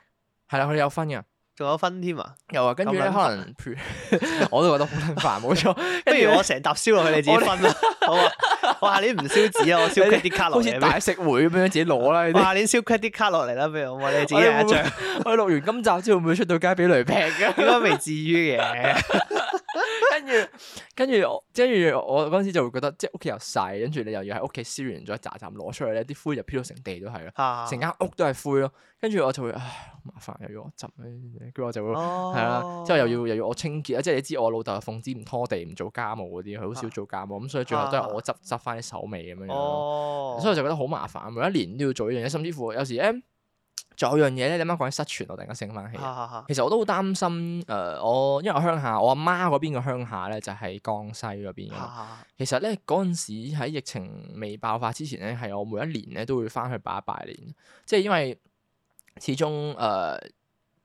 係啦，佢哋有分嘅。仲有分添啊！有啊，跟住咧可能，我都覺得好撚煩，冇錯。不如我成沓燒落去，你自己分啦，好啊！我哇，你唔燒紙啊，我燒 credit 卡落嚟，好似大食會咁樣自己攞啦。哇，你燒 credit 卡落嚟啦，不如我你自己一張。我哋錄完今集之後，會唔會出到街俾雷劈？應該未至於嘅。 跟住，跟住我，跟住我嗰陣時就會覺得，即係屋企又細，跟住你又要喺屋企燒完咗一扎一紮攞出嚟咧，啲灰就飄到成地都係啦，成間屋都係灰咯。跟住我就會唉，麻煩又要我執，跟住我就會係啦，之後又要又要我清潔啦。即係你知我老豆奉旨唔拖地，唔做家務嗰啲，佢好少做家務咁，所以最後都係我執執翻啲手尾咁樣樣咯。啊啊哦、所以我就覺得好麻煩，每一年都要做呢樣嘢，甚至乎有時咧。仲有樣嘢咧，你啱啱講起失傳，我突然間醒翻起。 其實我都好擔心誒、呃，我因為我鄉下，我阿媽嗰邊嘅鄉下咧，就喺江西嗰邊。 其實咧，嗰陣時喺疫情未爆發之前咧，係我每一年咧都會翻去拜一拜年，即係因為始終誒。呃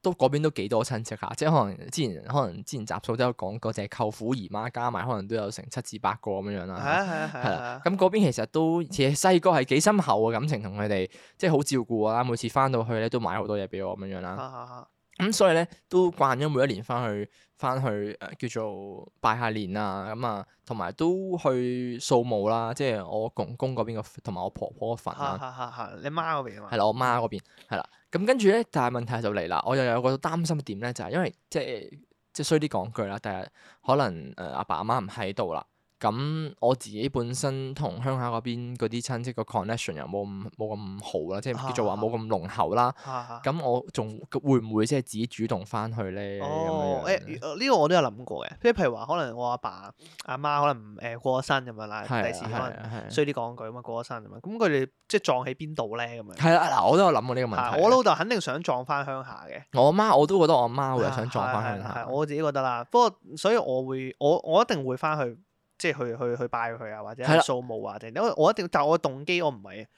都嗰邊都幾多親戚嚇、啊，即係可能之前可能之前集數都有講過，就係舅父姨媽加埋，可能都有成七至八個咁樣啦、啊。係係係。係啦、啊，咁嗰、啊啊啊、邊其實都而且細個係幾深厚嘅感情，同佢哋即係好照顧我啦。每次翻到去咧，都買好多嘢俾我咁樣啦、啊。咁、嗯、所以咧都慣咗每一年翻去翻去誒、呃、叫做拜下年啊、咁啊，同埋都去掃墓啦，即係我公公嗰邊個同埋我婆婆個墳啦哈哈哈哈。你媽嗰邊啊？係啦，我媽嗰邊係啦。咁、嗯、跟住咧，但係問題就嚟啦，我又，又有個擔心點咧，就係、是、因為即係即係衰啲講句啦，第日可能誒阿、呃、爸阿媽唔喺度啦。咁我自己本身同鄉下嗰邊嗰啲親戚個 connection 又冇咁冇咁好啦，啊、即係叫做話冇咁濃厚啦。咁、啊、我仲會唔會即係自己主動翻去咧？哦，呢樣、欸呢個我都有諗過嘅，即係譬如話可能我阿爸阿媽，媽可能誒、呃、過咗身咁樣啦，第、啊、時可能衰啲講句咁嘛過咗身咁嘛，咁佢哋即係葬喺邊度咧咁樣？係啦，嗱，我都有諗過呢個問題。啊、我老豆肯定想葬翻鄉下嘅。我阿媽我都覺得我阿媽會想葬翻鄉下、啊啊啊。我自己覺得啦，不過所以我會我我一定會翻去。即係去去去拜佢啊，或者係掃墓啊定點，是的 我我一定要，但我動機我唔係啊。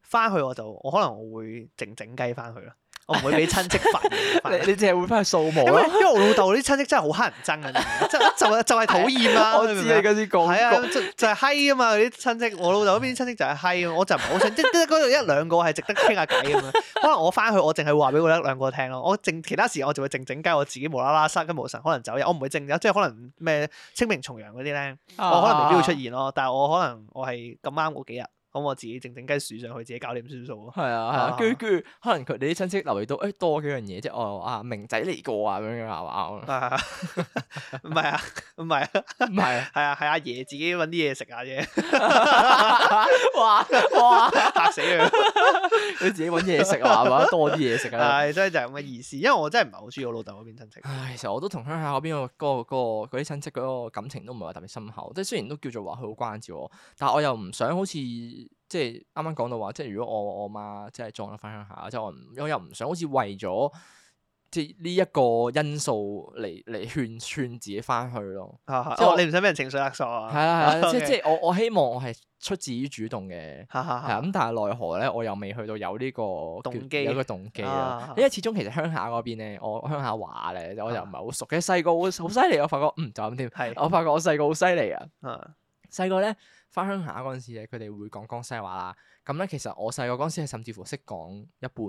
翻去，我就我可能我會靜靜雞翻去咯。 我唔會俾親戚煩，你你淨係會翻去掃墓咯。 因為我老豆啲親戚真係好乞人憎啊，就就就係討厭啊。我知啊，嗰啲講係啊，就係嗨啊嘛。啲親戚，我老豆嗰邊親戚就係嗨，我就唔係好想 即係嗰度一兩個係值得傾下偈咁樣。 可能我翻去我淨係會話俾佢一兩個聽咯。我淨其他事我就會靜靜雞我自己無啦啦塞，跟住無，無神可能走人。我唔會靜即係可能咩清明重陽嗰啲咧，我可能未必會出現咯。 但係我可能我係咁啱嗰幾日。咁我自己靜靜雞鼠上去，自己搞掂算數咯。係啊係啊，跟住跟住，可能佢哋啲親戚留意到，誒、欸、多幾樣嘢啫。我、哦、啊明仔嚟過啊，咁樣啱唔啱啊？唔係 啊，唔係啊，唔係啊，係 啊，係阿、啊、爺爺自己揾啲嘢食啊啫 哇哇 嚇死佢！佢 自己揾啲嘢食啊，係嘛、啊？ 多啲嘢食㗎啦。係、啊，所以就係咁嘅意思。因為我真係唔係好中意我老豆嗰邊親戚。唉，其實我都同鄉下嗰邊、嗰個哥、哥嗰啲親戚嗰個感情都唔係話特別深厚。即係雖然都叫做話佢好關照我，但我又唔想好似。即係啱啱講到話，即係如果我我阿媽即係撞翻返鄉下，即係我唔，我又唔想，好似為咗即係呢一個因素嚟嚟勸勸自己翻去咯。即係你唔想俾人情緒勒索啊？係啊係啊！即即係我我希望我係出自於主動嘅。係係，咁但係奈何咧，我又未去到有呢個動機，有個動機啊。因為始終其實鄉下嗰邊咧，我鄉下話咧，我又唔係好熟。其實細個好好犀利，我發覺嗯就咁添。我發覺我細個好犀利啊。嗯，細個咧。翻鄉下嗰陣時咧，佢哋會講江西話啦。咁咧，其實我細個嗰陣時，係甚至乎識講一半，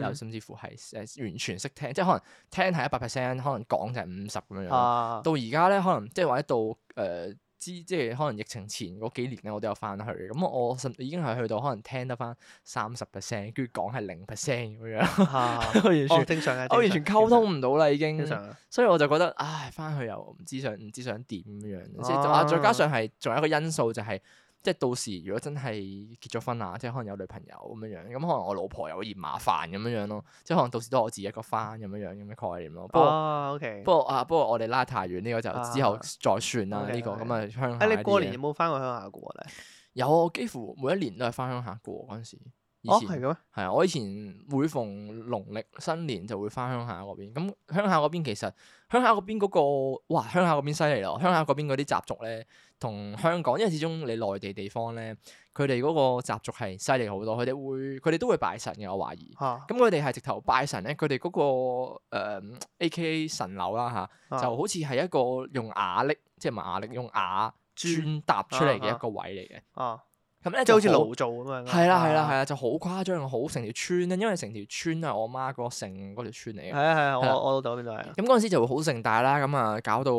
又、嗯、甚至乎係誒完全識聽，即係可能聽係一百 percent，可能講就係五十咁樣咯。到而家咧，可能即係或者到誒。呃知即係可能疫情前嗰幾年咧，我都有翻去。咁我甚至已經係去到可能聽得翻三十 percent，跟住講係零 percent 咁樣。啊、 我完全正常，正常我完全溝通唔到啦已經。所以我就覺得唉，翻去又唔知，唔知想唔知想點咁樣、啊、即係，再加上係仲有一個因素就係、係。即係到時如果真係結咗婚啊，即係可能有女朋友咁樣樣，咁可能我老婆又會嫌麻煩咁樣樣咯。即係可能到時都係我自己一個翻咁樣樣咁嘅概念咯。不過、哦 okay. 不過啊，不過我哋拉太遠呢個就、啊、之後再算啦。呢 okay、呢個咁啊鄉下。誒，你過年有冇翻過鄉下過咧？有啊，幾乎每一年都係翻鄉下過嗰陣時。以前嘅係啊，我以前每逢農曆新年就會翻鄉下嗰邊。咁鄉下嗰邊其實～鄉下嗰邊嗰、嗰個哇，鄉下嗰邊犀利咯！鄉下嗰邊嗰啲習俗咧，同香港，因為始終你內地地方咧，佢哋嗰個習俗係犀利好多。佢哋會，佢哋都會拜神嘅。我懷疑，咁佢哋係直頭拜神咧。佢哋嗰個誒、呃、AKA 神樓啦嚇，啊啊、就好似係一個用瓦礫，即係唔係瓦礫，用瓦磚搭出嚟嘅一個位嚟嘅。咁咧就好似勞作咁樣，係啦係啦係啦，就好誇張，好成條村咧，因為成條村都係我媽個城嗰條村嚟嘅。係啊係啊，我我老豆嗰邊都係。咁嗰陣時就會好盛大啦，咁啊搞到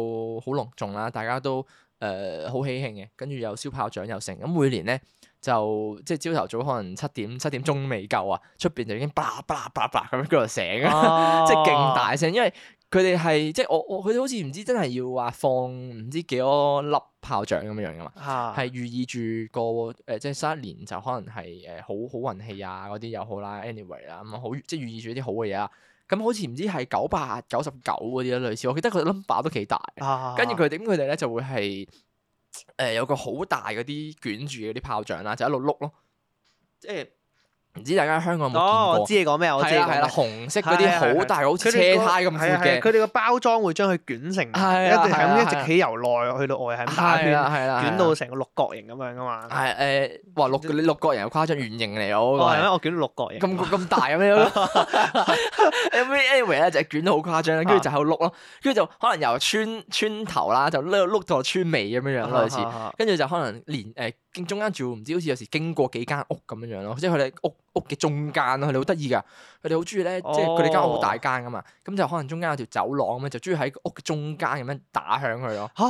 好隆重啦，大家都誒好喜慶嘅，跟住又燒炮仗又盛。咁每年咧就即朝頭早可能七點七點鐘未夠啊，出邊就已經叭叭叭叭咁樣，跟住就醒啊，即係勁大聲，因為。佢哋係即我我佢哋好似唔知真係要話放唔知幾多粒炮仗咁樣樣噶嘛，係、啊、寓意住個誒、呃、即係新一年就可能係誒好好運氣啊嗰啲又好啦，anyway 啦、啊、咁好即係寓意住啲好嘅嘢啦。咁、嗯、好似唔知係九百九十九嗰啲咯，類似我記得佢 number 都幾大。跟住佢點佢哋咧就會係誒、呃、有個好大嗰啲捲住嗰啲炮仗啦，就一路碌咯，即唔知大家喺香港有冇見過？我知你講咩？我知係啦，紅色嗰啲好大，好似車胎咁嘅。佢哋個包裝會將佢捲成係啊，咁一直企由內去到外係打圈，捲到成個六角形咁樣噶嘛。係誒，哇六！你六角形又誇張，圓形嚟我。我係咩？我捲六角形咁咁大咁樣。Anyway anyway 就係捲到好誇張，跟住就喺度碌咯，跟住就可能由村村頭啦，就碌碌到村尾咁樣樣類似，跟住就可能連誒中間住戶唔知好似有時經過幾間屋咁樣樣咯，即係佢哋屋。屋嘅中間咯，佢哋好得意噶，佢哋好中意咧，oh. 即係佢哋間屋好大間噶嘛，咁就可能中間有條走廊咁樣，就中意喺屋嘅中間咁樣打響佢咯。下？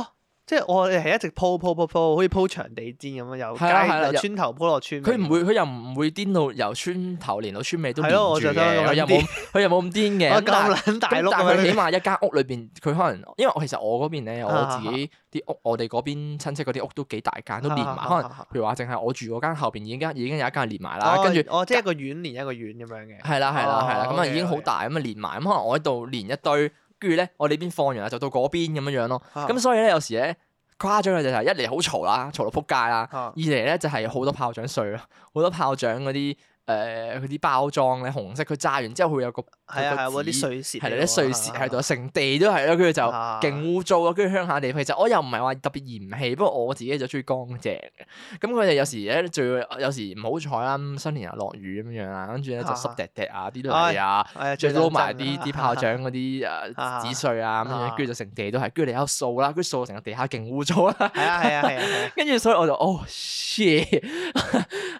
即係我哋係一直鋪鋪鋪鋪，好似鋪長地氈咁樣，由街由村頭鋪落村尾。佢唔 會，佢又唔會癲到由村頭連到村尾都連住。佢 又冇，佢又冇咁癲嘅。咁、 嗯、但係、 嗯、起碼一間屋裏邊，佢可能因為我其實我嗰邊咧，啊、我自己啲、啊、屋，我哋嗰邊親戚嗰啲屋都幾大間，都連埋。啊、可能譬如話，淨係我住嗰間後邊已經已經有一間連埋啦。啊、跟住著哦，即係、啊、一個院連一個院咁樣嘅。係啦係啦係啦，咁啊 okay，已經好大咁啊連埋，咁可能我喺度連一堆。跟住咧，我哋呢邊放完啦，就到嗰邊咁樣樣咯。咁、啊、所以咧，有時咧誇張嘅就係一嚟好嘈啦，嘈到仆街啦；啊、二嚟咧就係好多炮仗碎啦，好多炮仗嗰啲。誒佢啲包裝咧，紅色，佢炸完之後佢有個嗰啲碎屑，係啦啲碎屑喺度，成地都係咯。跟住就勁污糟咯。跟住鄉下地方就，我又唔係話特別嫌棄，不過我自己就中意乾淨嘅。咁佢哋有時咧，仲有時唔好彩啦，新年又落雨咁樣啦，跟住咧就濕滴滴啊，啲泥啊，再撈埋啲啲炮仗嗰啲啊紙碎啊咁樣，跟住就成地都係，跟住嚟收掃啦，跟住掃成個地下勁污糟啦。係啊係啊係啊！跟住所以我就哦 shit，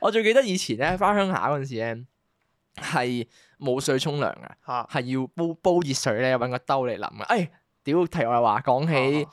我最記得以前咧翻鄉下。嗰陣時咧，係冇水沖涼嘅，係要煲煲熱水咧，揾個兜嚟淋嘅。哎，屌！題外話，講起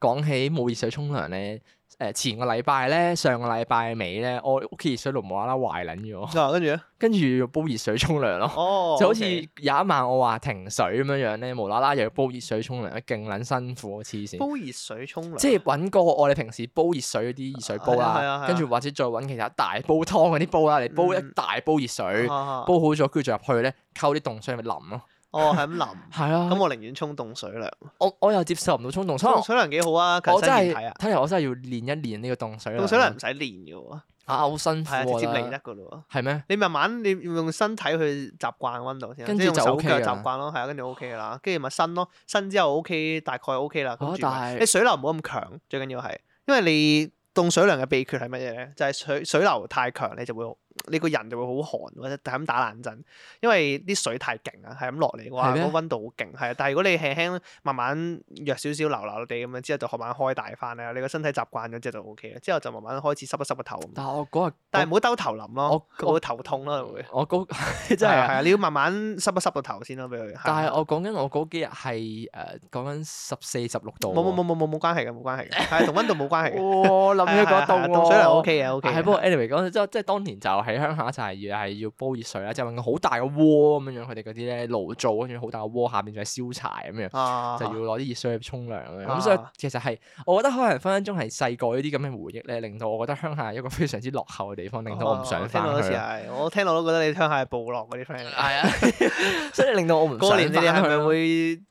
講、啊、起冇熱水沖涼咧。誒前個禮拜咧，上個禮拜尾咧，我屋企熱水爐無啦啦壞撚咗，啊、呢跟住咧，跟住要煲熱水沖涼咯，oh, okay. 就好似有一晚我話停水咁樣樣咧，無啦啦又要煲熱水沖涼，勁撚辛苦黐線。煲熱水沖涼，即係揾個我哋平時煲熱水嗰啲熱水煲啦，跟住或者再揾其他大煲湯嗰啲煲啦嚟煲一大煲熱水，uh, uh, uh, uh. 煲好咗跟住再入去咧溝啲凍水咪淋咯。哦，係咁淋，係啊，咁我寧願沖凍水涼。我我又接受唔到沖凍水涼。凍水涼幾好啊！其實我真係，睇嚟我真係要練一練呢個凍水涼。凍水涼唔使練嘅喎，啊好辛苦喎，直接嚟得噶咯喎。係咩？你慢慢你用身體去習慣溫度先，跟住就 O K 啦。習慣咯，係啊，跟住 O K 啦，跟住咪伸咯，伸之後 O K，大概 O K 啦。跟住，但係你水流唔好咁強，最緊要係，因為你凍水涼嘅秘訣係乜嘢咧？就係水水流太強，你就會。你個人就會好寒或者係咁打冷震，因為啲水太勁啦，係咁落嚟嘅話，個温度好勁，係啊。但係如果你輕輕慢慢弱少少流流地咁樣之後，就慢慢開大翻啦，你個身體習慣咗之後就 O K 啦。之後就慢慢開始濕一濕個頭。但係我嗰日，但係唔好兜頭淋咯，我會頭痛咯，會。我嗰真係係啊！你要慢慢濕一濕個頭先咯，俾佢。但係我講緊我嗰幾日係誒講緊十四十六度。冇冇冇冇冇冇關係嘅，冇關係嘅，係同温度冇關係。我淋咗嗰度喎，凍水嚟 OK 嘅 OK。不過 anyway 講真真係當年就。喺鄉下就係要係要煲熱水啦，即係用個好大嘅鍋咁樣，佢哋嗰啲咧爐灶跟住好大嘅鍋，下面仲有燒柴咁樣，就要攞啲熱水去沖涼咁。所以其實係我覺得可能分分鐘係細個呢啲咁嘅回憶咧，令到我覺得鄉下係一個非常之落後嘅地方，令到我唔想翻去。我聽到都覺得你鄉下係部落嗰啲 friend 嚟，所以令到我唔。過年你哋係咪會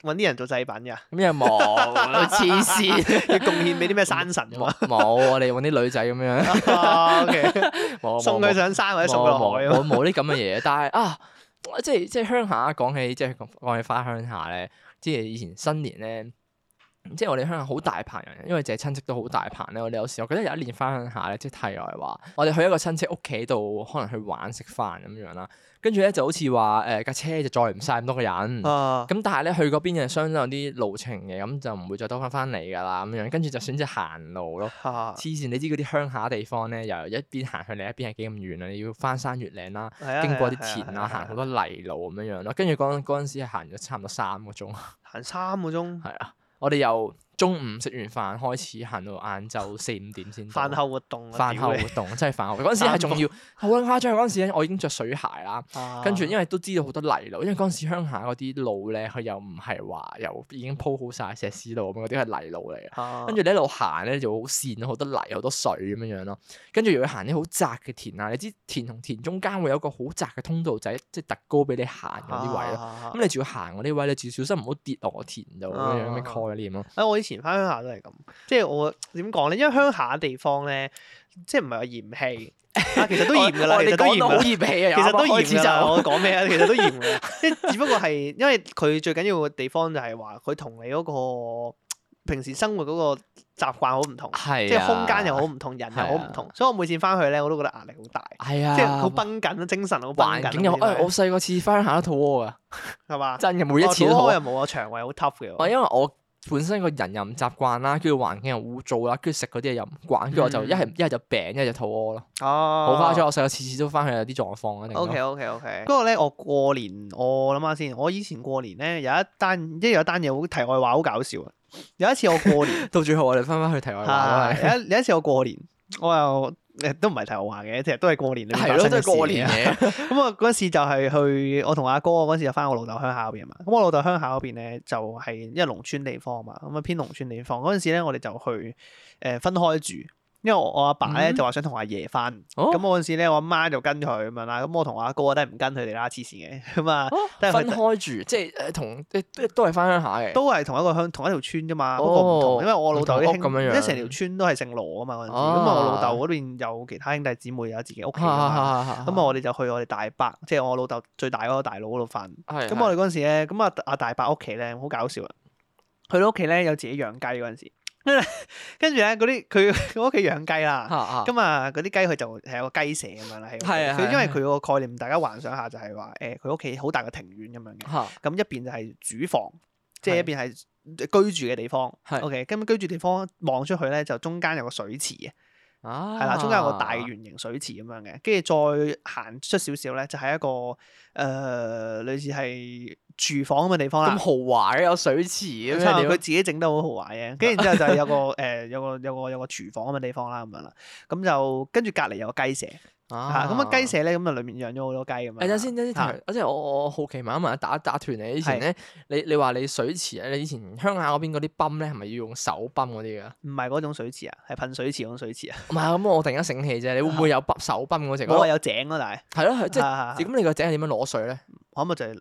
揾啲人做祭品咁咩？冇，黐線，要貢獻俾啲咩山神？冇，我哋揾啲女仔咁樣，送佢上山。冇冇冇啲咁嘅嘢， 但係啊，即係即係鄉下講起，即係講起翻鄉下咧，即係以前新年咧。即係我哋鄉下好大棚人，因為淨係親戚都好大棚咧。我哋有時我記得有一年翻鄉下咧，即係題外話，我哋去一個親戚屋企度，可能去玩食飯咁樣啦。跟住咧就好似話誒架車就載唔晒咁多個人，咁、啊、但係咧去嗰邊又相當有啲路程嘅，咁就唔會再多翻翻嚟噶啦咁樣。跟住就選擇行路咯。黐綫，你知嗰啲鄉下地方咧，由一邊行去另一邊係幾咁遠啊？你要翻山越嶺啦，哎、呀 經過啲田啦，哎、呀 行好多泥路咁樣樣咯。跟住嗰嗰陣時行咗差唔多三個鐘，哎、呀 行三個鐘，係啊。我哋由。中午食完飯開始行到晏晝四五點先。飯後活動。飯後活動，真係飯後嗰陣 時係重要。好撚誇張嗰陣時咧，我已經著水鞋啦。啊、跟住因為都知道好多泥路，因為嗰陣時鄉下嗰啲路咧，佢又唔係話又已經鋪好晒石屎路咁，嗰啲係泥路嚟。啊跟。跟住你一路行咧就好跣好多泥好多水咁樣樣咯。跟住又要行啲好窄嘅田啊！你知田同田中間會有個好窄嘅通道仔，即、就、係、是、特高俾你行嗰啲位咯。啊，啊。咁你仲要行嗰啲位咧，要小心唔好跌落個田度咁樣樣咩概念咁咯。前翻鄉下都係咁，即係我點講咧？因為鄉下地方咧，即係唔係話嫌棄啊，其實都嫌噶啦，其實都嫌好啊，其實都嫌啦。我講咩啊？其實都嫌嘅，只不過係因為佢最緊要嘅地方就係話佢同你嗰個平時生活嗰個習慣好唔同，即係空間又好唔同，人又好唔同，所以我每次翻去咧，我都覺得壓力好大，即係好崩緊，精神好崩緊。環境又，我細個次翻鄉下都肚屙噶，係嘛？真嘅，每一次都好，又冇我腸胃好 tough 嘅。因為我。本身個人又唔習慣啦，跟住環境又污糟啦，跟住食嗰啲嘢又唔慣，跟住、嗯、我就一係一係就病，一係就肚屙咯。好誇張！我細個次次都翻去都有啲狀況啊。O K O K O K。不過咧，我過年我諗下先，我以前過年咧有一單，有一單嘢好題，題外話好搞笑啊！有一次我過年， 到最後我哋翻翻去題外話。有一有一次我過年，我又。 誒，都唔係太我話嘅，其實都係過年嘅係咯，即係過年咁 我嗰陣時就係去我同阿哥嗰陣時，就翻我老豆鄉下邊嘛。咁我老豆鄉下嗰邊咧，就係因為農村地方嘛，咁啊偏農村地方。嗰陣時咧，我哋就去誒、呃、分開住。因為我阿爸咧就話想同阿爺翻，咁、嗯、我嗰陣時咧，我阿媽就跟佢咁啦，咁我同我阿哥都係唔跟佢哋啦，黐線嘅，咁啊，分開住，即係誒同都係翻鄉下嘅，都係同一個鄉，同一條村啫嘛，哦、不過唔同，因為我老豆啲兄弟，即係成條村都係姓羅啊嘛嗰陣時，咁我老豆嗰邊有其他兄弟姊妹有自己屋企噶嘛，咁我哋就去我哋大伯，即係我老豆最大嗰個大佬嗰度翻，咁、嗯、的我哋嗰陣時咧，咁啊阿大伯屋企咧好搞笑啊，去到屋企咧有自己養雞嗰陣時。 跟住咧，嗰啲佢佢屋企養雞啦，咁啊嗰啲雞佢就係有個雞舍咁樣啦。佢 因為佢個概念，大家幻想下就係話誒，佢屋企好大個庭院咁樣嘅，咁 一邊就係主房， 即係一邊係居住嘅地方。OK，咁居住地方望出去咧，就中間有個水池嘅。係啦、啊，中間有個大圓形水池咁樣嘅，跟住再行出少少咧，就係、是、一個誒、呃、類似係廚房咁嘅地方啦。咁豪華嘅有水池咁佢自己整得好豪華嘅。跟住之後就有個誒、 呃、有個有個有個,有個廚房咁嘅地方啦咁樣啦。咁就跟住隔離有個雞舍。啊，咁啊雞舍咧，咁就裡面養咗好多雞咁啊。等陣先，等陣先我即係我我好奇問一問打打斷你以前咧是，你你話你水池啊，你以前鄉下嗰邊嗰啲泵咧，係咪要用手泵嗰啲噶？唔係嗰種水池啊，係噴水池嗰種水池啊。唔係啊，咁我突然間醒起啫，你會唔會有泵手泵嗰隻？ 我話有井咯、啊，但係係咯，即係咁。 你個井係點樣攞水咧？我咁啊就係。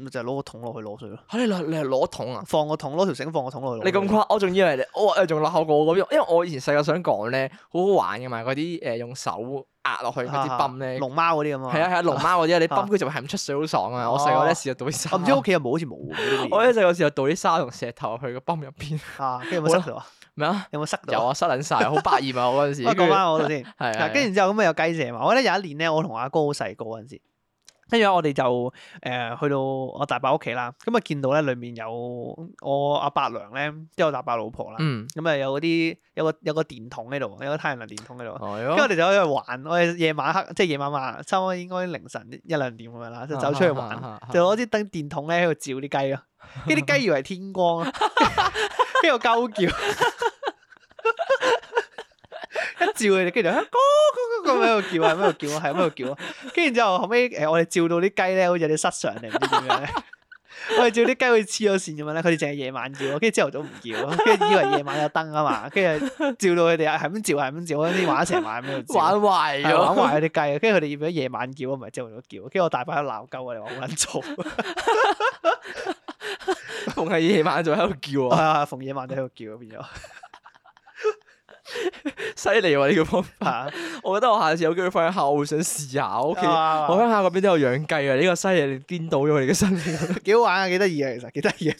咪就係攞個桶落去攞水咯。你攞係攞桶啊？放個桶，攞條繩，放個桶落去。你咁誇，我仲以為你我誒仲落後過我嗰邊，因為我以前細個想講咧，好好玩噶嘛，嗰啲誒用手壓落去嗰啲泵咧，龍貓嗰啲咁啊。係啊係啊，龍貓嗰啲，啊。你泵佢就係咁出水好爽啊！我細個咧試過倒啲沙。我唔知屋企有冇，好似冇。我咧細個時候倒啲沙同石頭去個泵入邊。啊，跟住有冇塞到啊？咩啊？有冇塞？有啊，塞撚晒。好百厭啊！我嗰陣時。我講翻我嗰度先。係。嗱，跟住之後咁咪有雞蛇嘛？我記得有一年咧，我同我阿哥好細個嗰陣時跟住我哋就誒、呃、去到我大伯屋企啦。咁啊，見到咧裏面有我阿伯娘咧，即我大伯老婆啦。咁啊、嗯，有嗰啲有個有個電筒喺度，有個太陽能電筒喺度。跟住、哎、喲我哋就喺度玩。我哋夜晚黑即係夜晚晚，差唔多應該凌晨一兩點咁樣啦，就走出去玩就攞支燈電筒咧喺度照啲雞咯。跟住啲雞以為天光，跟住我鳩叫。一照佢哋，跟住就喺嗰嗰喺度叫啊，喺度叫啊，喺度叫啊。跟住之後，後尾誒、哎、我哋照到啲雞咧，好似有啲失常嚟，唔知點樣咧。 我哋照啲雞好似黐咗線咁樣咧，佢哋淨係夜晚叫。跟住朝頭早唔叫，跟住以為夜晚有燈啊嘛，跟住照到佢哋係咁照，係咁照。我啲玩成晚喺度玩，玩壞玩壞咗啲雞。跟住佢哋要咗夜晚叫，唔係朝頭早叫。跟住我大伯喺度鬧鳩我哋，話好撚嘈。逢係夜晚仲喺度叫啊！係啊、 哦，逢夜晚仲喺度叫，變咗。 犀利喎呢個方法， 我覺得我下次有機會翻鄉下，我會想試下。啊啊、我屋企我鄉下嗰邊都有養雞啊，呢個犀利，你顛倒咗我哋嘅生活，幾 好玩啊，幾得意啊，其實幾得意。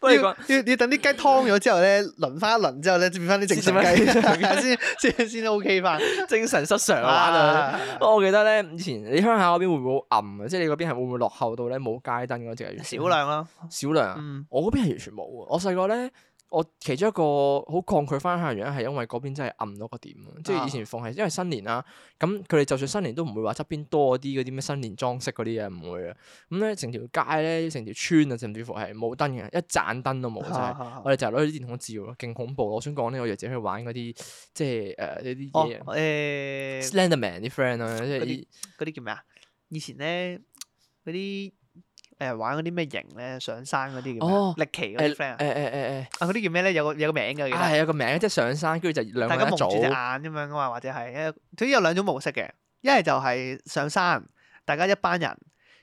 不過 要要，要等啲雞劏咗之後咧，輪翻一輪之後咧，變翻啲精神雞先，先先 OK 翻， 精神失常啊！啊不過我記得咧，以前你鄉下嗰邊會唔會好暗啊？ 即係你嗰邊係會唔會落後到咧冇街燈咯？即係少量啦、啊，少、嗯、量、啊嗯我邊。我嗰邊係完全冇啊！我細個咧。我其中一個好抗拒翻鄉下嘅原因係因為嗰邊真係暗到個點、啊、即係以前放係因為新年啦，咁佢哋就算新年都唔會話側邊多啲嗰啲咩新年裝飾嗰啲嘢，唔會嘅。咁咧成條街咧，成條村啊，甚至乎係冇燈嘅，一盞燈都冇嘅。啊啊啊啊我哋就攞啲電筒照咯，勁恐怖！我想講咧，我以為自己去玩嗰啲即係誒呢啲嘢啊，誒 Slenderman 啲 friend 啊，即係嗰啲嗰啲叫咩啊？以前咧嗰啲。誒玩嗰啲咩型咧？上山嗰啲叫咩？哦、力奇嗰啲 friend 啊！誒誒誒誒啊！嗰啲叫咩咧？有個有個名㗎。係、啊、有個名即係上山，跟住就兩個人一組。大家蒙住隻眼咁樣啊嘛，或者係誒總之有兩種模式嘅。一係就係上山，大家一班人，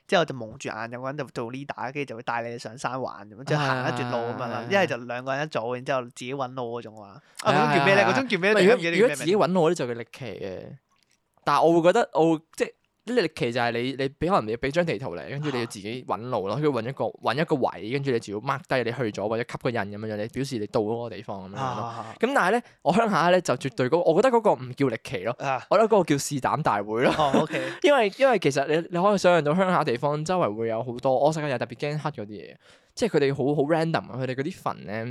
之後就蒙住眼，有個人就做 leader，跟住就會帶你上山玩，咁即係行一段路咁樣啦。一係、哎、呀就兩個人一組，然之後自己揾路嗰種話。啊，嗰種叫咩咧？嗰種、哎、呀叫咩？如果，如果自己揾路嗰啲就叫力奇嘅。但係我會覺得我會即啲力奇就係你你俾可能你俾張地圖嚟，跟住你要自己揾路咯，要揾一個揾一個位，跟住你就要 mark 低你去咗或者吸個印咁樣樣，你表示你到咗嗰個地方咁咯。咁、啊啊、但係咧，我鄉下咧就絕對嗰、那個，我覺得嗰個唔叫力奇咯，啊、我覺得嗰個叫試膽大會咯。啊 okay. 因為因為其實你你可以想像到鄉下地方周圍會有好多，我細個又特別驚黑嗰啲嘢，即係佢哋好好 random，佢哋嗰啲墳咧，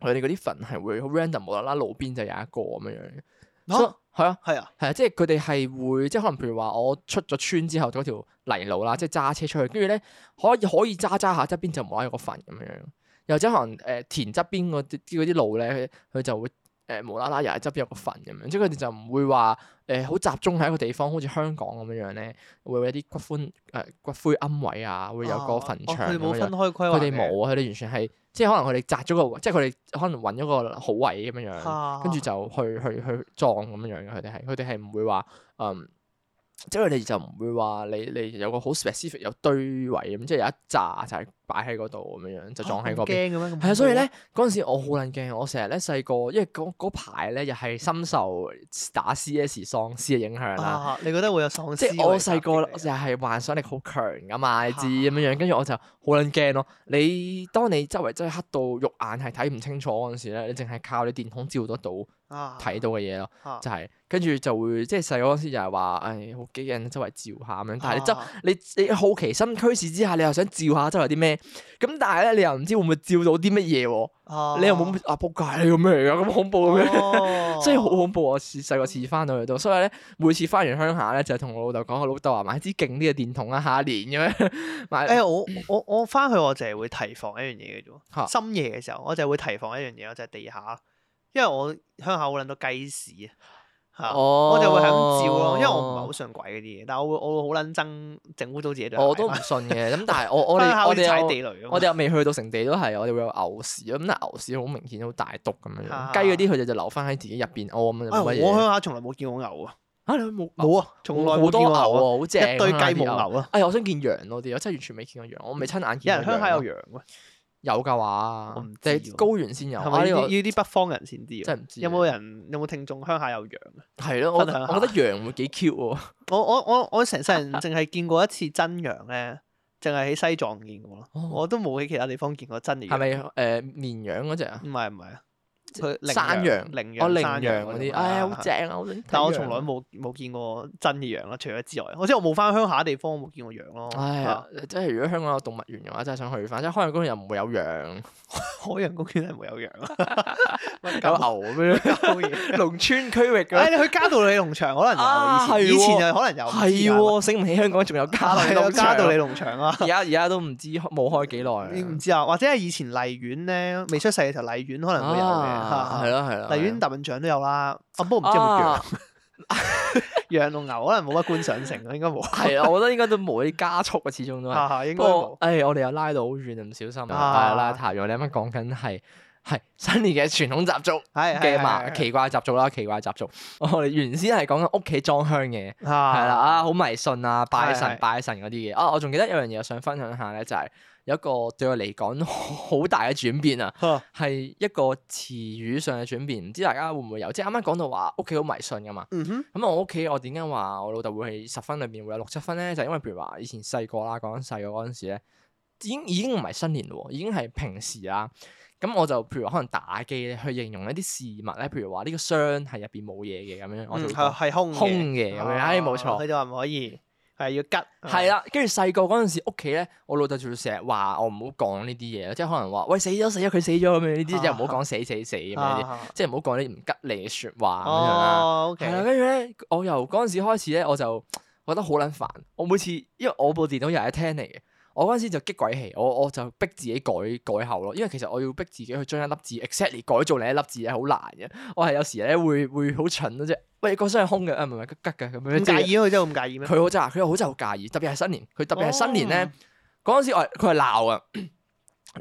佢哋嗰啲墳係會好 random 無啦啦路邊就有一個咁樣樣。啊係啊，係啊，係啊，即係佢哋係會，即係可能譬如話，我出咗村之後，嗰條泥路啦，即係揸車出去，跟住咧可以可以揸揸下側邊就冇埋有個墳咁樣，又或者可能誒、呃、田側邊嗰啲嗰啲路咧，佢就會誒、呃、無啦啦又係側邊有個墳咁樣，即係佢哋就唔會話誒好集中喺一個地方，好似香港咁樣樣咧，會有啲骨灰誒、呃、骨灰龕位啊，會有個墳場。佢哋冇分開規劃，佢哋冇，佢哋完全係。即係可能佢哋擲咗個，即係佢哋可能揾咗個好位咁樣樣，跟住就去去去撞咁樣樣。佢哋係佢哋係唔會話嗯。即係你就唔會話你你有個好 specific 有堆圍咁，即係有一紮就係擺喺嗰度咁樣樣，就撞喺嗰邊。驚嘅咩？係啊，所以咧嗰陣時我好撚驚，我成日咧細個，因為嗰嗰排咧又係深受打 CS 喪屍嘅影響啦、啊。你覺得會有喪屍？即係我細個就係幻想力好強噶嘛，你知咁樣樣，跟住、啊、我就好撚驚咯。你當你周圍真係黑到肉眼係睇唔清楚嗰陣時咧，你淨係靠你電筒照得到。睇、啊、到嘅嘢咯，就係、啊、跟住就會即係細個嗰時就係話，誒好幾人周圍照下咁樣。但係你周你、啊、你好奇心驅使之下，你又想照下周圍啲咩？咁但係咧，你又唔知會唔會照到啲乜嘢？你又冇啊！仆街、 啊，咁咩嚟㗎？咁恐怖嘅咩？真係好恐怖！我細個次次翻到去都，所以咧每次翻完鄉下咧，就係同我老豆講，我老豆話買支勁啲嘅電筒啊，下一年咁一樣買。誒、欸，我我我翻去我就係會提防一樣嘢嘅啫喎， 深夜嘅時候我就係會提防一樣嘢，就係地下。因為我鄉下好撚多雞屎啊，我就會係咁照咯，因為我唔係好信鬼嗰啲嘢，但係我會我會好撚憎整污糟自己，我都唔信嘅。咁但係我我哋踩地雷。我哋又未去到成地都係，我哋會有牛屎。咁但係牛屎好明顯好大篤咁樣，雞嗰啲佢哋就留翻喺自己入邊屙咁樣。我鄉下從來冇見過牛啊，啊你冇冇啊，從來冇見過牛啊，好正一堆雞冇牛啊。哎呀，我想見羊多啲，我真係完全未見過羊，我未親眼見。有人鄉下有羊喎。有噶話，即、啊、高原先有，係咪要啲北方人先知、啊？真係唔知、啊、有冇人有冇聽眾鄉下有羊啊？係咯，我我覺得羊會幾 cute 喎。我我我我成世人淨係見過一次真羊咧，淨係喺西藏見過咯。哦、我都冇喺其他地方見過真羊。係咪誒綿羊嗰隻啊？唔係唔係啊！佢山羊、羚羊、山羊嗰啲，哎，好正啊！好正。但係我從來冇冇見過真嘅羊啦，除咗之外，我即係我冇翻鄉下地方，冇見過羊咯。哎呀，即係如果香港有動物園嘅話，真係想去翻。即係海洋公園又唔會有羊，海洋公園係唔會有羊，有牛咁樣。農村區域嘅，你去嘉道理農場可能有，以前又可能有，係喎，醒唔起香港仲有嘉道理農場啊？而家而家都唔知冇開幾耐。唔知啊，或者係以前麗苑咧，未出世嘅時候麗苑可能會有嘅。係啦係啦，荔園大笨象都有啦。啊，啊不過唔知有冇叫、啊。 羊同牛可能冇乜觀賞性咯，應該冇。係啊，我覺得應該都冇啲加速嘅，始終都係。啊應該啊、不過，誒、哎，我哋又拉到好遠唔小心。啊，拉太遠。你啱啱講緊係係新年嘅傳統習俗，係嘅嘛？奇怪習俗啦，奇怪習俗。我 哋原先係講緊屋企裝香嘅，係啦啊，好迷信啊，拜神拜神嗰啲嘢。啊，我仲記得有樣嘢想分享下咧，就係、是。有一個對我嚟講好大嘅轉變啊，係一個詞語上嘅轉變，唔知大家會唔會有？即係啱啱講到話屋企好迷信㗎嘛，咁、嗯、哼我屋企我點解話我老豆會喺十分裏面會有六七分咧？就係、因為譬如話以前細個啦，講緊細個嗰陣時咧，已經已經唔係新年喎，已經係平時啦。咁我就譬如話可能打機咧，去形容一啲事物咧，譬如話呢個箱係入邊冇嘢嘅咁樣，嗯、我係係、嗯、空嘅，誒冇的、啊、錯，佢就話唔可以。係要吉，係啦、嗯。跟住細個嗰陣時屋企咧，我老豆仲成日話我唔好講呢啲嘢，即係可能話喂，死咗死咗佢死咗咁樣呢啲，即係唔好講死死死咁樣，即係唔好講啲唔吉利嘅説話咁樣啦。係啊，跟住咧，我由嗰陣時開始咧，我就我覺得好撚煩。我每次因為我部電腦又係廳嚟嘅。我嗰陣時就激鬼氣，我我就逼自己改改後咯，因為其實我要逼自己去將一粒字 exactly 改做另一粒字係好難嘅，我係有時咧會會好蠢嘅啫。喂，個身係空嘅，唔係唔係吉吉嘅咁樣。介意佢真係咁介意咩？佢好真啊，佢好真好介意，特別係新年，佢特別係新年咧嗰陣時，我係佢係鬧啊。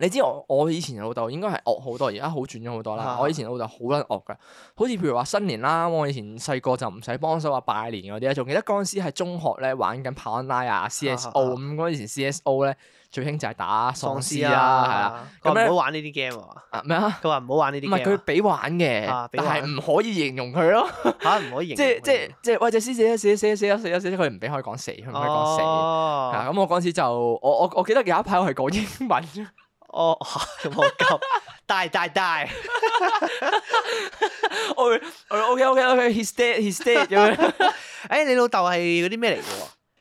你知我我以前老豆應該係惡好多，而家好轉咗好多啦。我以前老豆好撚惡噶，好似譬如話新年啦，我以前細個就唔使幫手啊，拜年嗰啲咧，仲記得嗰陣時喺中學咧玩緊跑 online 啊、CSO 咁嗰陣時，CSO 咧最興就係打喪屍啦，係啦。咁唔好玩呢啲 game 喎？咩啊？佢話唔好玩呢啲。唔係佢俾玩嘅，但係唔可以形容佢咯。嚇，唔可以形容。即即即喂，隻獅子咧，死咗死咗死咗死咗死咗，佢唔俾可以講死，佢唔可以講死。咁我嗰陣時就我我我記得有一排我係講英文。哦，咁我夠大大大。d ok ok ok，he stay he stay 咁樣，誒，你老豆係嗰啲咩嚟嘅？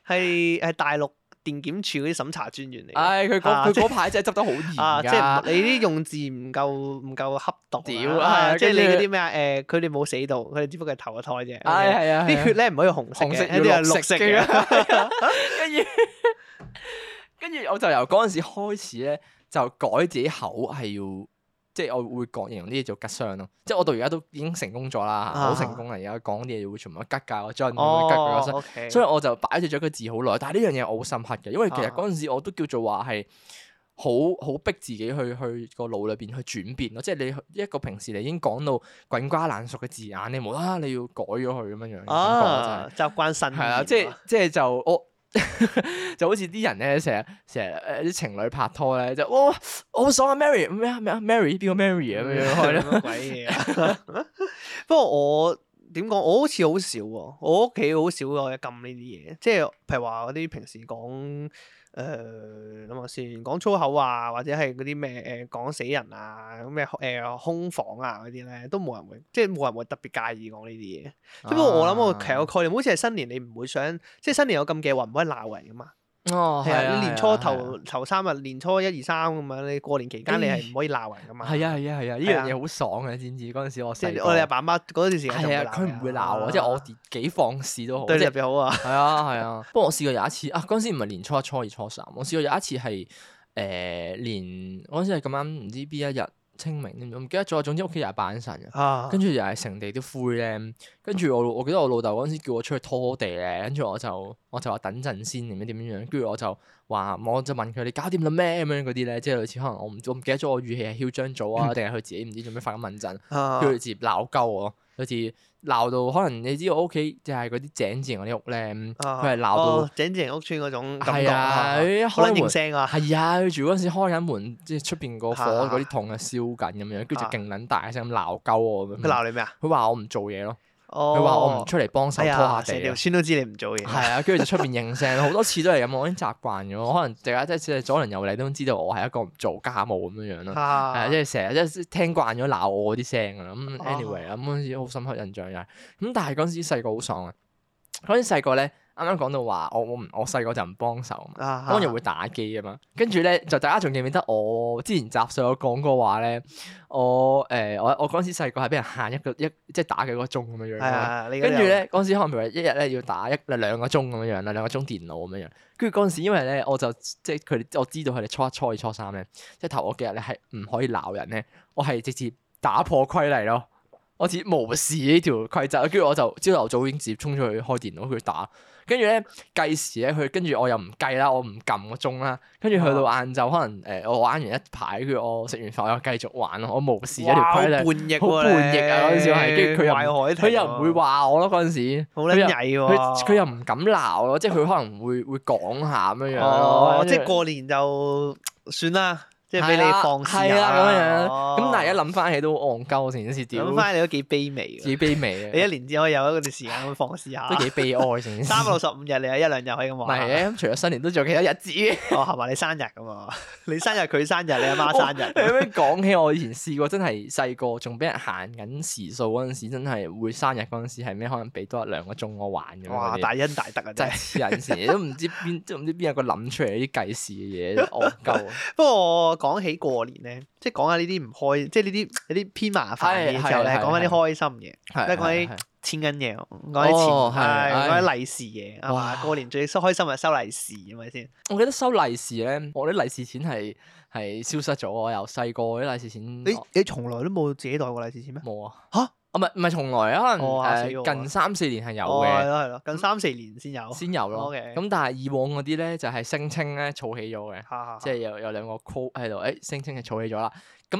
係係 大陸電檢處嗰啲審查專員嚟。唉、哎，佢嗰佢嗰排真係執得好嚴，即係你啲用字唔夠唔夠恰當啊！即係你嗰啲咩啊？誒，佢哋冇死到，佢哋只不過係投個胎啫。係係、哎、啊，啲、啊、血咧唔可以用紅色紅色嘅。跟 住、啊，跟 住然後 我就由嗰陣時開始咧。就改自己口係要，即係我會講形容呢啲嘢做吉傷咯，即係我到而家都已經成功咗啦，好、啊、成功啦，而家講啲嘢會全部吉噶，我再點樣吉佢個身，所以我就擺住咗個字好耐。但係呢樣嘢我好深刻嘅，因為其實嗰陣時我都叫做話係好好逼自己去去個腦裏邊去轉變咯，即係你一個平時你已經講到滾瓜爛熟嘅字眼，你冇啦啦你要改咗佢咁樣樣，習慣新係啊，即係即係就我。 就好似啲人咧，成日成日誒啲情侶拍拖咧，就、哦、我好想啊 Mary 咩啊咩啊 Mary 邊個 Mary 咁樣開啦鬼嘢啊！ 不過我點講，我好似好少喎，我屋企好少我一禁呢啲嘢，即係譬如話嗰啲平時講。誒諗下先，講、呃、粗口啊，或者係嗰啲咩誒講死人啊，咁咩誒空房啊嗰啲咧，都冇人會，即係冇人會特別介意講呢啲嘢。不過、啊、我諗我其實個概念，好似係新年你唔會想，即係新年有咁嘅話唔可以鬧人噶嘛。哦，係年初頭頭三日，年初一二三咁樣！你過年期間你係唔可以鬧人噶嘛？係啊係啊係啊！呢樣嘢好爽嘅，先至嗰陣時我細個我哋阿爸阿媽嗰段時間係啊，佢唔會鬧我，即係我幾放肆都好，對你特別好啊！係啊係啊，不過我試過有一次啊，嗰陣時唔係年初一、初二、初三，我試過有一次係誒年，嗰陣時係咁啱唔知邊一日。清明唔唔記得咗，總之屋企又係拜神嘅，啊、跟住又係成地都灰咧，跟住我我記得我老豆嗰陣時叫我出去拖地咧，跟住我就我就話等陣先，點樣點樣樣，跟住我就話，我就問佢你搞掂啦咩咁樣嗰啲咧，即係類似可能我我唔記得咗我語氣係囂張咗啊，定係佢自己唔知做咩發緊問陣，跟住佢直接鬧鳩我。好似鬧到可能你知道我屋企就係嗰啲井字形嗰啲屋咧，佢係鬧到井字形屋村嗰種感覺。係啊，佢、啊、一開門，係啊，啊啊住嗰陣時開緊門，即係出邊個火嗰啲桶啊燒緊咁樣，跟住勁撚大聲鬧鳩我咁樣。佢鬧你咩啊？佢話我唔做嘢咯。佢話、哦、我唔出嚟幫手拖下地，成條村、哎、都知你唔做嘢。係 啊，跟住就出邊應聲，好多次都係咁，我已經習慣咗。可能大家即係左鄰右里，都知道我係一個唔做家務咁樣樣咯。係啊，即係成日即係聽慣咗鬧我嗰啲聲啦。咁 anyway，咁嗰陣時好深刻印象又係咁，但係嗰陣時細個好爽啊。嗰陣時細個咧。啱啱講到話，我我唔我細個就唔幫手，當然會打機㗎嘛，跟住咧就大家仲記唔記得我之前集上有講過話咧，我誒、欸、我我嗰時細個係俾人限一個一即係打幾個鐘咁樣樣，啊、跟住咧嗰時可能譬如一日咧要打一兩個鐘咁樣樣啦，兩個鐘電腦咁樣樣，跟住嗰陣時，時因為咧我就即係佢我知道佢哋初，初一、初二、初三咧，即係頭嗰幾日咧係唔可以鬧人咧，我係直接打破規例咯，我直接無視呢條規則，跟住我就朝頭早，上早上已經直接衝咗去開電腦佢打。跟住咧計時咧，佢跟住我又唔計啦，我唔撳個鐘啦。跟住去到晏晝，可能誒、呃、我玩完一排，佢我食完飯，我繼續玩咯，我無視佢啦。好叛逆啊。嗰陣時，跟住佢又佢、啊、又唔會話我咯，嗰陣時。好曳喎！佢佢又唔敢鬧咯，即係佢可能會會講下咁樣樣、哦、後即係過年就算啦。即係俾你放肆啦。咁樣，咁但係一諗翻起都戇鳩，成件事。諗翻起都幾卑微，幾卑微。你一年只可以有一段時間咁放肆下，都幾悲哀成件事。三百六十五日你有一兩日可以咁玩。唔係啊，咁除咗新年都仲有其他日子。哦，係咪？你生日咁啊，你生日佢生日，你阿媽生日。有咩講起？我以前試過真係細個仲俾人限緊時數嗰陣時，真係會生日嗰陣時係咩？可能俾多一兩個鐘我玩咁。哇！大恩大德啊，真係有陣時，都唔知邊都唔知邊有個諗出嚟啲計時嘅嘢，戇鳩。不過講起過年咧，即係講下呢啲唔開，即係呢啲有啲偏麻煩嘅時候咧，講翻啲開心嘢，即係講啲錢銀嘢，講啲錢銀、講啲利是嘢啊嘛！過年最收開心係收利是係咪先？我記得收利是咧，我啲利是錢係係消失咗。我由細個啲利是錢。你你從來都冇自己袋過利是錢咩？冇啊！嚇、啊、～唔係唔係從來啊，可能誒近三四年係有嘅。哦，係咯係咯，近三四年先有。先有咯。咁 Okay. 但係以往嗰啲咧，就係聲稱咧儲起咗嘅，即係有有兩個 quote 喺度，誒聲稱係儲起咗啦。咁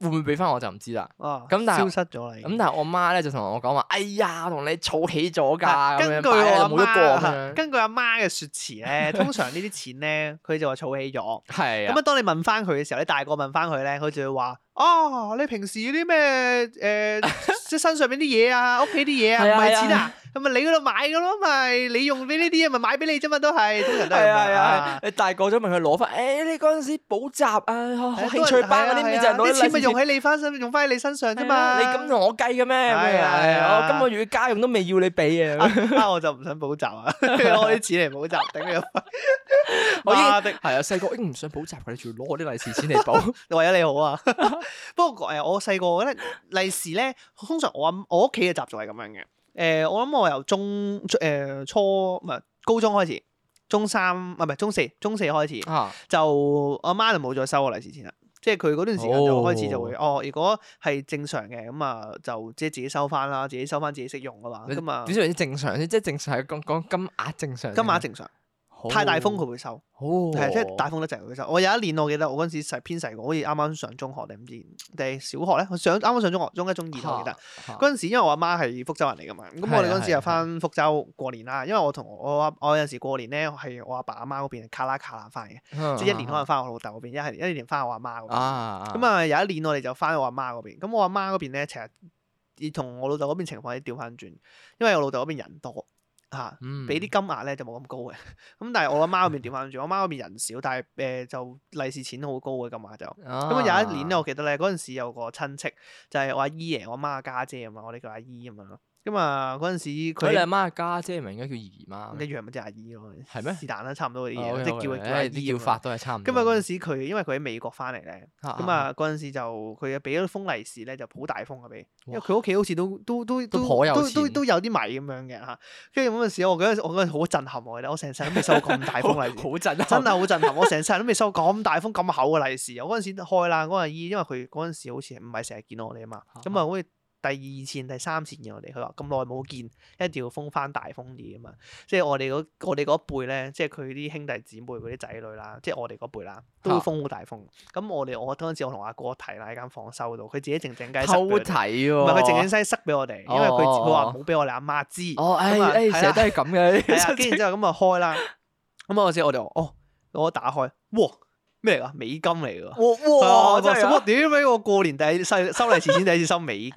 會唔會俾翻我就唔知啦。啊。咁但係消失咗啦。咁但係我媽咧就同我講話，哎呀，同你儲起咗㗎。根據我媽，一個根據阿媽嘅說辭咧， 通常呢啲錢咧，佢就話儲起咗。係咁啊，當你問翻佢嘅時候，你大個問翻佢咧，佢就會話。哦，你平時啲咩誒，即係身上邊啲嘢啊，屋企啲嘢啊，唔係錢啊，咁咪你嗰度買噶咯，咪你用呢啲嘢咪買俾你啫嘛，都係通常都係。係啊，係啊，你大個咗咪去攞翻，誒，你嗰陣時補習啊，興趣班嗰啲咪就攞啲錢咪用喺你翻身，用翻喺你身上啫嘛。你咁同我計嘅咩？我今個月家用都未要你俾啊，啊，我就唔想補習啊，攞啲錢嚟補習，頂你個肺。我已經係啊，細個已經唔想補習嘅，你仲要攞我啲利是錢嚟補，為咗你好啊。不過誒，我細個咧利是咧，通常我阿我屋企嘅習俗係咁樣嘅。誒，我諗、呃、我，我由中誒、呃、初唔係高中開始，中三唔係唔係中四，中四開始，啊、就我阿媽就冇再收我利是錢啦。即係佢嗰段時間就開始就會，哦，哦，如果係正常嘅咁啊，就即係自己收翻啦，自己收翻自己識用㗎嘛。咁啊，點算正常先？即係正常係講講金額正常，正常金額正，正常。太大風佢會，會收，係即係大風咧就佢收。我有一年我記得我，我嗰陣時細偏細個，好似啱啱上中學定唔知定係小學咧。我上啱啱上中學，中一中二我記得。嗰陣、啊啊、時因為我阿媽係福州人嚟噶嘛，咁我哋嗰陣時又翻福州過年啦。因為我同我阿我有陣時過年咧係我阿爸阿媽嗰邊卡拉卡拉翻嘅，即係、啊、一年可能翻我老豆嗰邊，一係一年翻我阿媽嗰邊。咁啊，啊有一年我哋就翻我阿媽嗰邊，咁我阿媽嗰邊咧其實而同我老豆嗰邊情況啲調翻轉，因為我老豆嗰邊人多。嚇，俾啲、嗯、金額咧就冇咁高嘅，咁 但係我阿媽嗰邊點翻轉，嗯、我媽嗰邊人少，但係誒、呃、就利是錢好高嘅金額就，咁、啊嗯、有一年咧我記得咧嗰陣時有個親戚就係、是、我阿姨爺我媽嘅家姐咁嘛，我哋叫阿姨啊嘛。咁啊，嗰陣時佢你阿媽嘅家姐咪應該叫姨媽一樣咪叫阿姨咯，係咩？是但啦，差唔多嗰啲嘢，即叫佢叫法都係差唔多。咁啊，嗰陣時佢因為佢喺美國翻嚟咧，咁啊嗰陣時就佢俾咗封利是咧，就好大封啊，俾，因為佢屋企好似都都都都都都都有啲米咁樣嘅嚇。跟住嗰陣時我覺得我覺得好震撼喎，我成世都未收過咁大封利是，好震撼，真係好震撼，我成世都未收咁大封咁厚嘅利是。我嗰陣時開啦，嗰陣時，因為佢嗰陣時好似唔係成日見到我哋啊嘛，咁啊好似。第二線、第三線嘅我哋，佢話咁耐冇見，一定要封翻大封啲啊嘛！即係我哋嗰我哋嗰一輩咧，即係佢啲兄弟姊妹嗰啲仔女啦，即係我哋嗰輩啦，都封好大封。咁、啊、我哋我嗰陣時我同阿哥睇啦喺間房收到，佢自己靜靜雞收俾，唔係佢靜靜雞塞俾我哋、啊，因為佢佢話唔好俾我哋阿媽，媽知。哦，哎哎，成日都係咁嘅。係啊，跟住之後咁啊開啦，咁啊嗰時我哋哦，我一打開，哇！咩嚟噶？美金嚟噶！哇！我點解我過年第一次收嚟錢，第一次收美金，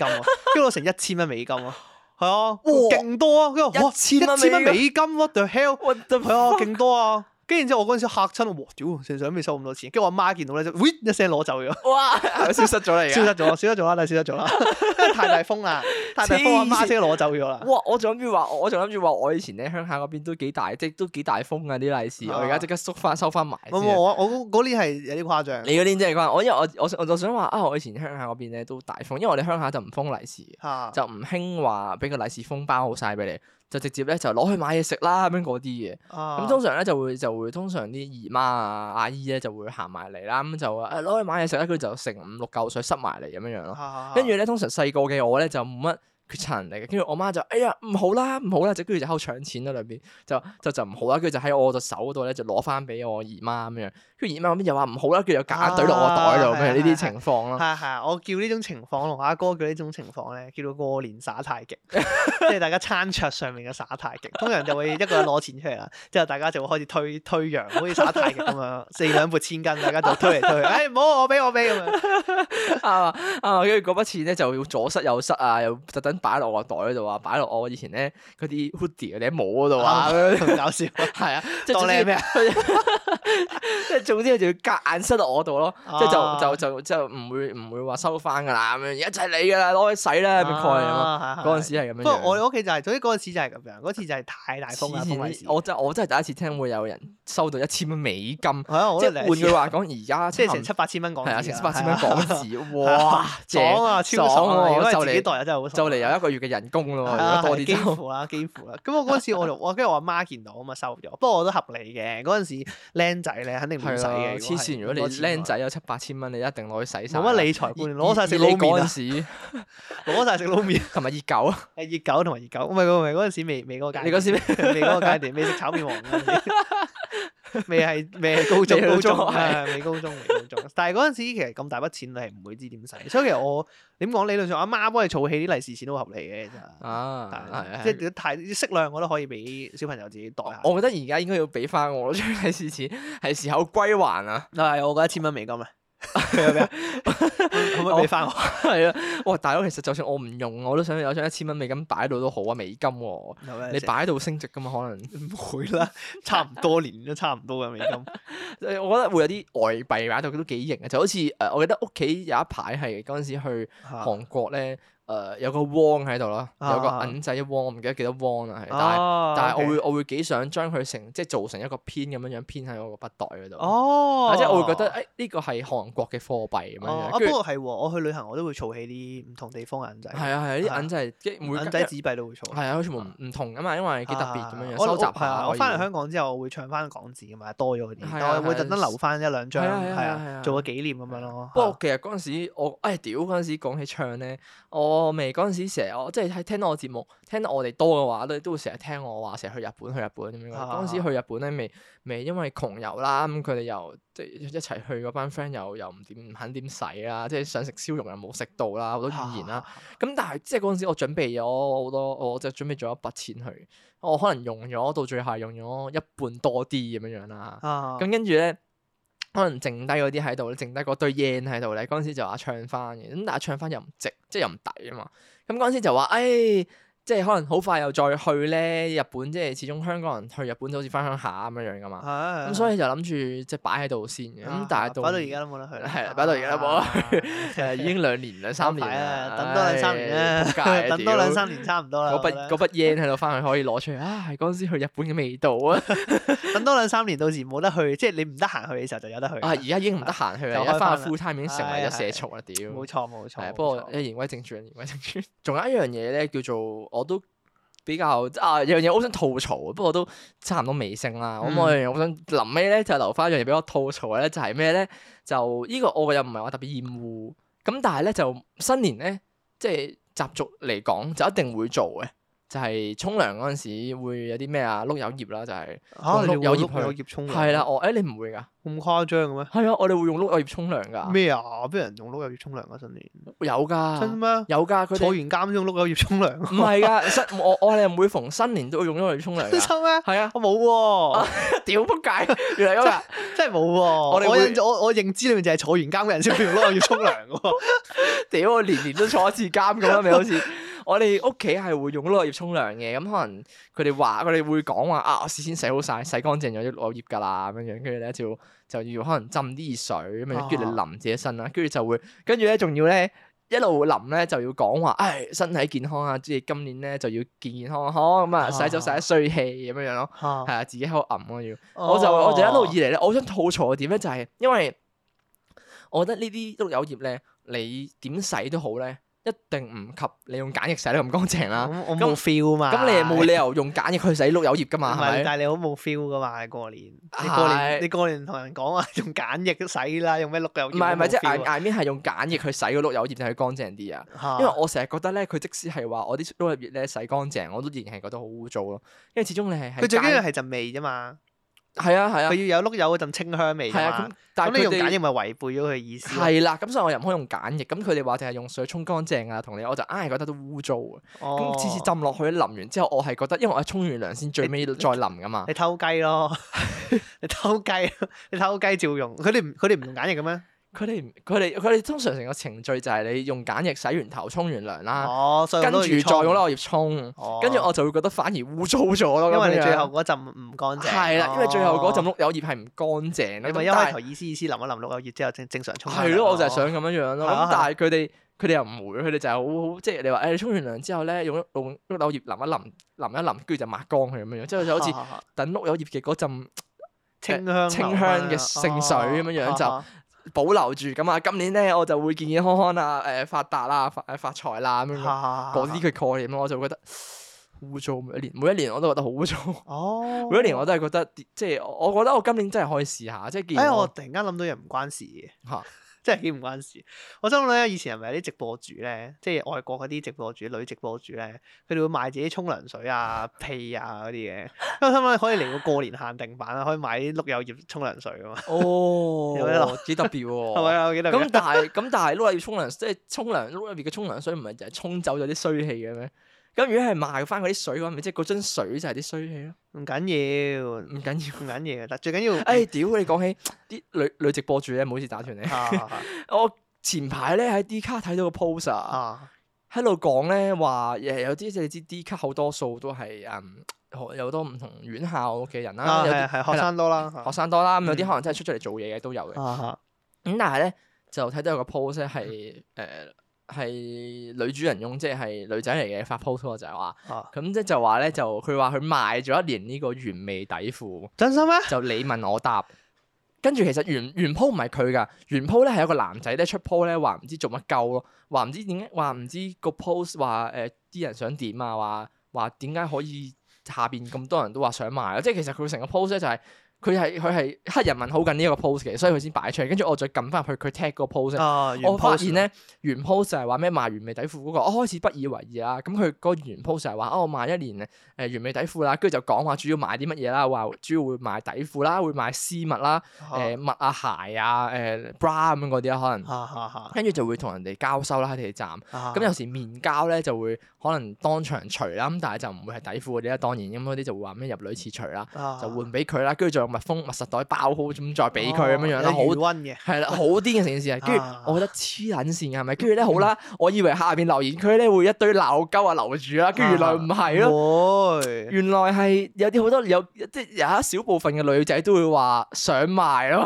收到成一千蚊美金啊！係啊，哇，勁多啊！跟住一千蚊美金，What the hell？係啊，勁多啊！跟住之後，我嗰陣時嚇親，哇屌！成日都未收咁多錢，跟住我阿媽見到咧，就喂，一聲攞走咗。哇！呃、哇 消失咗啦，而家消失咗，消失咗啦，真係消失咗啦！真係 太大風啦，太大風，阿媽一聲攞走咗啦。哇！我仲諗住話，我仲諗住話，我以前咧鄉下嗰邊都幾大，即都幾大風啊啲利是，我而家即刻縮翻收翻埋。唔唔，我嗰嗰年係有啲誇張。你嗰年真係誇，我因為我我，我，我就想話啊，我以前鄉下嗰邊咧都大風，因為我哋鄉下就唔封利是，啊、就唔興話俾個利是封包好晒俾你。就直接咧就攞去買嘢食啦咁樣嗰啲嘢。咁、啊、通常咧就會就會通常啲姨媽啊阿姨咧就會行埋嚟啦，咁就攞、啊、去買嘢食咧，佢就成五六嚿水塞埋嚟咁樣樣咯，跟住咧通常細個嘅我咧就冇乜。決策人嚟嘅，跟住我媽就，哎呀，唔好啦，唔好啦，跟住就喺度搶錢啦兩邊，就就就唔好啦，跟住就喺我隻手度咧就攞翻俾我姨媽咁樣，跟住姨媽咁又話唔好啦，跟住又假一落我袋度咁樣呢啲情況咯。係係，我叫呢種情況，我阿哥叫呢種情況咧，叫做過年耍太極， 即係大家餐桌上面嘅耍太極，通常就會一個人攞錢出嚟啦，之 後大家就會開始推推羊，好似耍太極咁樣， 四兩撥千斤，大家就推嚟推去、 哎：「哎唔好我俾我俾咁樣啊啊，跟住嗰筆錢咧就要左塞右塞啊，又特登。擺落我袋嗰度啊！擺落我以前咧嗰啲 hoodie 嗰頂帽嗰度啊！咁搞笑，係啊！當你咩即係總之，你就要夾硬塞到我度咯。即係就就就即唔會唔會話收翻㗎啦。咁樣而家就係你㗎啦，攞去洗啦，咪蓋咯。嗰陣時係咁樣。不過我哋屋企就係總之嗰陣時就係咁樣，嗰次就係太大風啦。我就我真係第一次聽會有人收到一千蚊美金，即係換句話講，而家即係成七八千蚊港紙，係啊，七八千蚊港紙，哇！爽啊！超爽啊！嗰陣時幾代又真係好爽，就嚟啊！有一個月嘅人工咯，多啲支付啦，幾乎啦。咁 我嗰陣時，我我跟住我阿媽見到啊嘛，我收咗。 不過我都合理嘅。嗰陣時僆仔咧，肯定唔使嘅。黐線！如果，如果你僆仔有七八千蚊，你一定攞去洗衫。冇乜理財觀，攞晒食撈麵啊！攞晒食撈麵，同埋 熱狗。係 熱狗同埋熱狗。唔係唔係，嗰陣時未未嗰個階。你嗰 時未嗰個階段，未食炒麵王未係未係高中，高中係未高中，啊，未高中。但係嗰陣時其實咁大筆錢你係唔會知點使，所以其實我點講理論上，阿媽幫你儲起啲利是錢都合理嘅，真係。啊，係是、啊、即係太適量，我都可以俾小朋友自己袋。我覺得而家應該要俾翻我啲利是錢，係時候歸還啊但係，我嗰一千蚊美金啊。係啊， 可唔可以俾翻我？係啊， 哇！大佬，其實就算我唔用，我都想有張一千蚊美金擺到都好啊，美金喎、哦。 你擺到升值噶嘛？可能唔 會啦，差唔多年都 差唔多嘅美金。誒， 我覺得會有啲外幣擺到都幾型啊。就好似誒，我記得屋企有一排係嗰陣時去韓國咧。 誒有個鵪喺度啦，有個銀仔鵪，我唔記得幾多鵪啊，係，但係但係我會我會幾想將佢成即係造成一個編咁樣樣編喺我個筆袋嗰度，或者我會覺得誒呢個係韓國嘅貨幣咁樣樣。不過係喎，我去旅行我都會儲起啲唔同地方銀仔。係啊係，啲銀仔即係唔會銀仔紙幣都會儲。係啊，好似唔唔同噶嘛，因為幾特別咁樣樣收集下。我翻嚟香港之後，我會唱翻港紙噶嘛，多咗啲，但係我會特登留翻一兩張，係啊，做個紀念咁樣咯。不過其實嗰陣時我誒屌嗰陣時講起唱咧，我。我未嗰陣時成日我即係聽到我節目，聽到我哋多嘅話咧，都會成日聽我話成日去日本去日本咁樣。嗰陣時去日本咧未未，未因為窮遊啦，咁佢哋又即係一齊去嗰班 friend 又又唔點肯點使啦，即係想食燒肉又冇食到啦，好多怨言啦。咁但係即係嗰陣時我準備咗好多，我就準備咗一筆錢去，我可能用咗到最後用咗一半多啲咁樣啦。咁跟住咧。可能剩低嗰啲喺度咧，剩低嗰堆 yen 喺度咧，嗰陣時就話唱翻嘅，咁但係唱翻又唔值，即係又唔抵啊嘛，咁嗰陣時就話，哎。即係可能好快又再去咧，日本即係始終香港人去日本就好似翻鄉下咁樣樣噶嘛。係係。咁所以就諗住即係擺喺度先嘅。咁但係到擺到而家都冇得去。係擺到而家都冇得去。係已經兩年兩三年啦。等多兩三年啦。等多兩三年差唔多啦。嗰筆嗰筆 yen 喺度翻去可以攞出嚟。唉，嗰陣時去日本嘅味道啊！等多兩三年，到時冇得去，即係你唔得閒去嘅時候就有得去。啊！而家已經唔得閒去啦，而家翻去 full time 已經成為咗社畜啦，點？冇錯冇錯。不過言歸正傳，言歸正傳，仲有一樣嘢咧叫做。我都比較啊，有樣嘢好想吐槽，不過都差唔多尾聲啦。咁、嗯、我好想臨尾咧就留翻一樣嘢俾我吐槽咧，就係咩咧？就呢、呢個我又唔係話特別厭惡咁，但係咧就新年咧即係習俗嚟講就一定會做嘅。就係沖涼嗰陣時會有啲咩啊？碌柚葉啦，就係嚇，碌柚葉去，係啦，我誒你唔會噶，咁誇張嘅咩？係啊，我哋會用碌柚葉沖涼噶咩啊？邊有人用碌柚葉沖涼啊？新年有噶真咩？有噶，佢坐完監先用碌柚葉沖涼。唔係噶，新我我哋每逢新年都會用咗佢沖涼。真心咩？係啊，我冇喎，屌撲街，原來真真係冇喎。我認我我認知裡面就係坐完監嘅人先會用碌柚葉沖涼。屌我年年都坐一次監咁樣，你好似～我哋屋企係會用碌柚葉沖涼嘅，咁可能佢哋話，佢哋會講話啊，事先洗好晒，洗乾淨咗啲碌柚葉㗎喇，咁樣跟住咧就就要可能浸啲熱水咁樣，跟住淋自己身啦，跟住就會，跟住咧仲要咧一路淋咧就要講話，唉、哎，身體健康啊，即係今年咧就要健健康康咁啊，洗走晒啲衰氣咁樣樣咯，係啊，自己喺度吟啊要，我就我就一路以嚟咧，我想吐槽嘅點咧就係、是，因為我覺得呢啲碌柚葉咧，你點洗都好咧。一定唔及你用鹼液洗得咁乾淨啦，咁、嗯、我冇 feel 嘛。咁你又冇理由用鹼液去洗碌柚葉噶嘛，係咪？但係 Haha 你好冇 feel 噶嘛，過年，你過年你過年同人講話用鹼液洗啦，用咩碌柚葉？唔係唔係，即係 I I mean 係用鹼液去洗嗰碌柚葉就係乾淨啲啊，因為我成日覺得咧，佢即使係話我啲碌柚葉咧洗乾淨，我都仍然係覺得好污糟咯，因為始終你係佢最緊要係陣味啫嘛。係啊係啊，佢、啊、要有碌柚嗰陣清香味啊嘛。咁你用鹼液咪違背咗佢意思？係啦、啊，咁所以我又唔可以用鹼液。咁佢哋話淨係用水沖乾淨啊，同你我就硬係覺得都污糟啊。咁次、哦、次浸落去淋完之後，我係覺得，因為我係沖完涼先最尾再淋噶嘛。你偷雞咯！你偷雞！你偷雞照用。佢哋佢哋唔用鹼液嘅咩？ 佢哋佢哋佢哋通常成個程序就係你用鹼液洗完頭沖完涼啦，跟住再用碌柚葉沖，跟住我就會覺得反而污糟咗咯，因為你最後嗰浸唔乾淨，係啦，因為最後嗰浸碌柚葉係唔乾淨，你咪一開頭意思意思淋一淋碌柚葉之後正正常沖，係咯，我就係想咁樣樣咯。但係佢哋佢哋又唔會，佢哋就係好好即係你話誒，你沖完涼之後咧用一用碌柚葉淋一淋淋一淋，跟住就抹乾佢咁樣樣，即係就好似等碌柚葉嘅嗰浸清香清香嘅聖水咁樣樣就。保留住咁啊！今年咧我就會健健康康啦，誒發達啦、發財發財啦咁樣嗰啲佢概念咯，我就覺得污糟。每一年每一年我都覺得好污糟。哦、每一年我都係覺得，即係我覺得我今年真係可以試下，即係見。哎、欸、我突然間諗到嘢唔關事嘅。 真係幾唔關事。我想講咧，以前係咪有啲直播主咧，即係外國嗰啲直播主、女直播主咧，佢哋會賣自己沖涼水啊、屁啊嗰啲嘅。因為可唔可以嚟到過年限定版啊？可以買啲碌柚葉沖涼水啊嘛。哦，有啲特別喎，係咪啊？我記得。咁但係咁但係碌柚葉沖涼，即係沖涼碌柚葉嘅沖涼水，唔係就係沖走咗啲衰氣嘅咩？咁如果係賣翻嗰啲水咁，咪即嗰樽水就係啲衰氣咯，唔緊要，唔緊要，唔緊要。但最緊要，誒、哎，屌你講起啲女女直播主咧，唔好意思打斷你。 我前排咧喺 Dcard 睇到個 post 啊說說，喺度講咧話誒，有啲即你知 Dcard 好多數都係誒、嗯，有好多唔同院校嘅人啦，係係學生多啦，學生多啦，咁、啊嗯、有啲可能真係出咗嚟做嘢嘅都有嘅。咁、啊、但係咧就睇到有個 post 係誒。嗯嗯係女主人用，即係女仔嚟嘅發 post，就係話，咁、啊、即就話咧，就佢話佢賣咗一年呢個原味底褲，真心咩？就你問我答，跟住其實原原 po 唔係佢噶，原 po 咧係有個男仔咧出 po 咧話唔知做乜鳩咯，話唔知點解，話唔知個 post 話誒啲人想點啊，話話點解可以下邊咁多人都話想賣咯，即係其實佢成個 post 咧就係、是。佢係佢係黑人民好緊呢一個 post 嘅，所以佢先擺出嚟。跟住我再撳翻入去，佢 tag 個 post、哦、原 post。我發現咧，原 post 就係話咩賣完美底褲嗰、那個，我開始不以為意啦。咁佢個原 post 就係話，哦我賣一年誒完美底褲啦，跟住就講話主要賣啲乜嘢啦，話主要會賣底褲啦，會賣絲襪啦，誒襪啊鞋啊，誒、呃、bra 咁樣嗰啲啦，可能。跟住 就會同人哋交收啦喺地鐵站。咁 有時面交咧就會。可能當場除啦，咁但係就唔會係底褲嗰啲啦。當然咁嗰啲就會話咩入女廁除啦，啊、就換俾佢啦。跟住再用密封密實袋包好，咁再俾佢咁樣樣啦。好暖嘅，係啦，好癲嘅成件事啊！跟住我覺得黐撚線嘅係咪？跟住咧好啦，我以為下邊留言區咧會一堆鬧鳩啊樓主啦，跟住原來唔係咯，原來係有啲好多有即係有一小部分嘅女仔都會話想賣咯。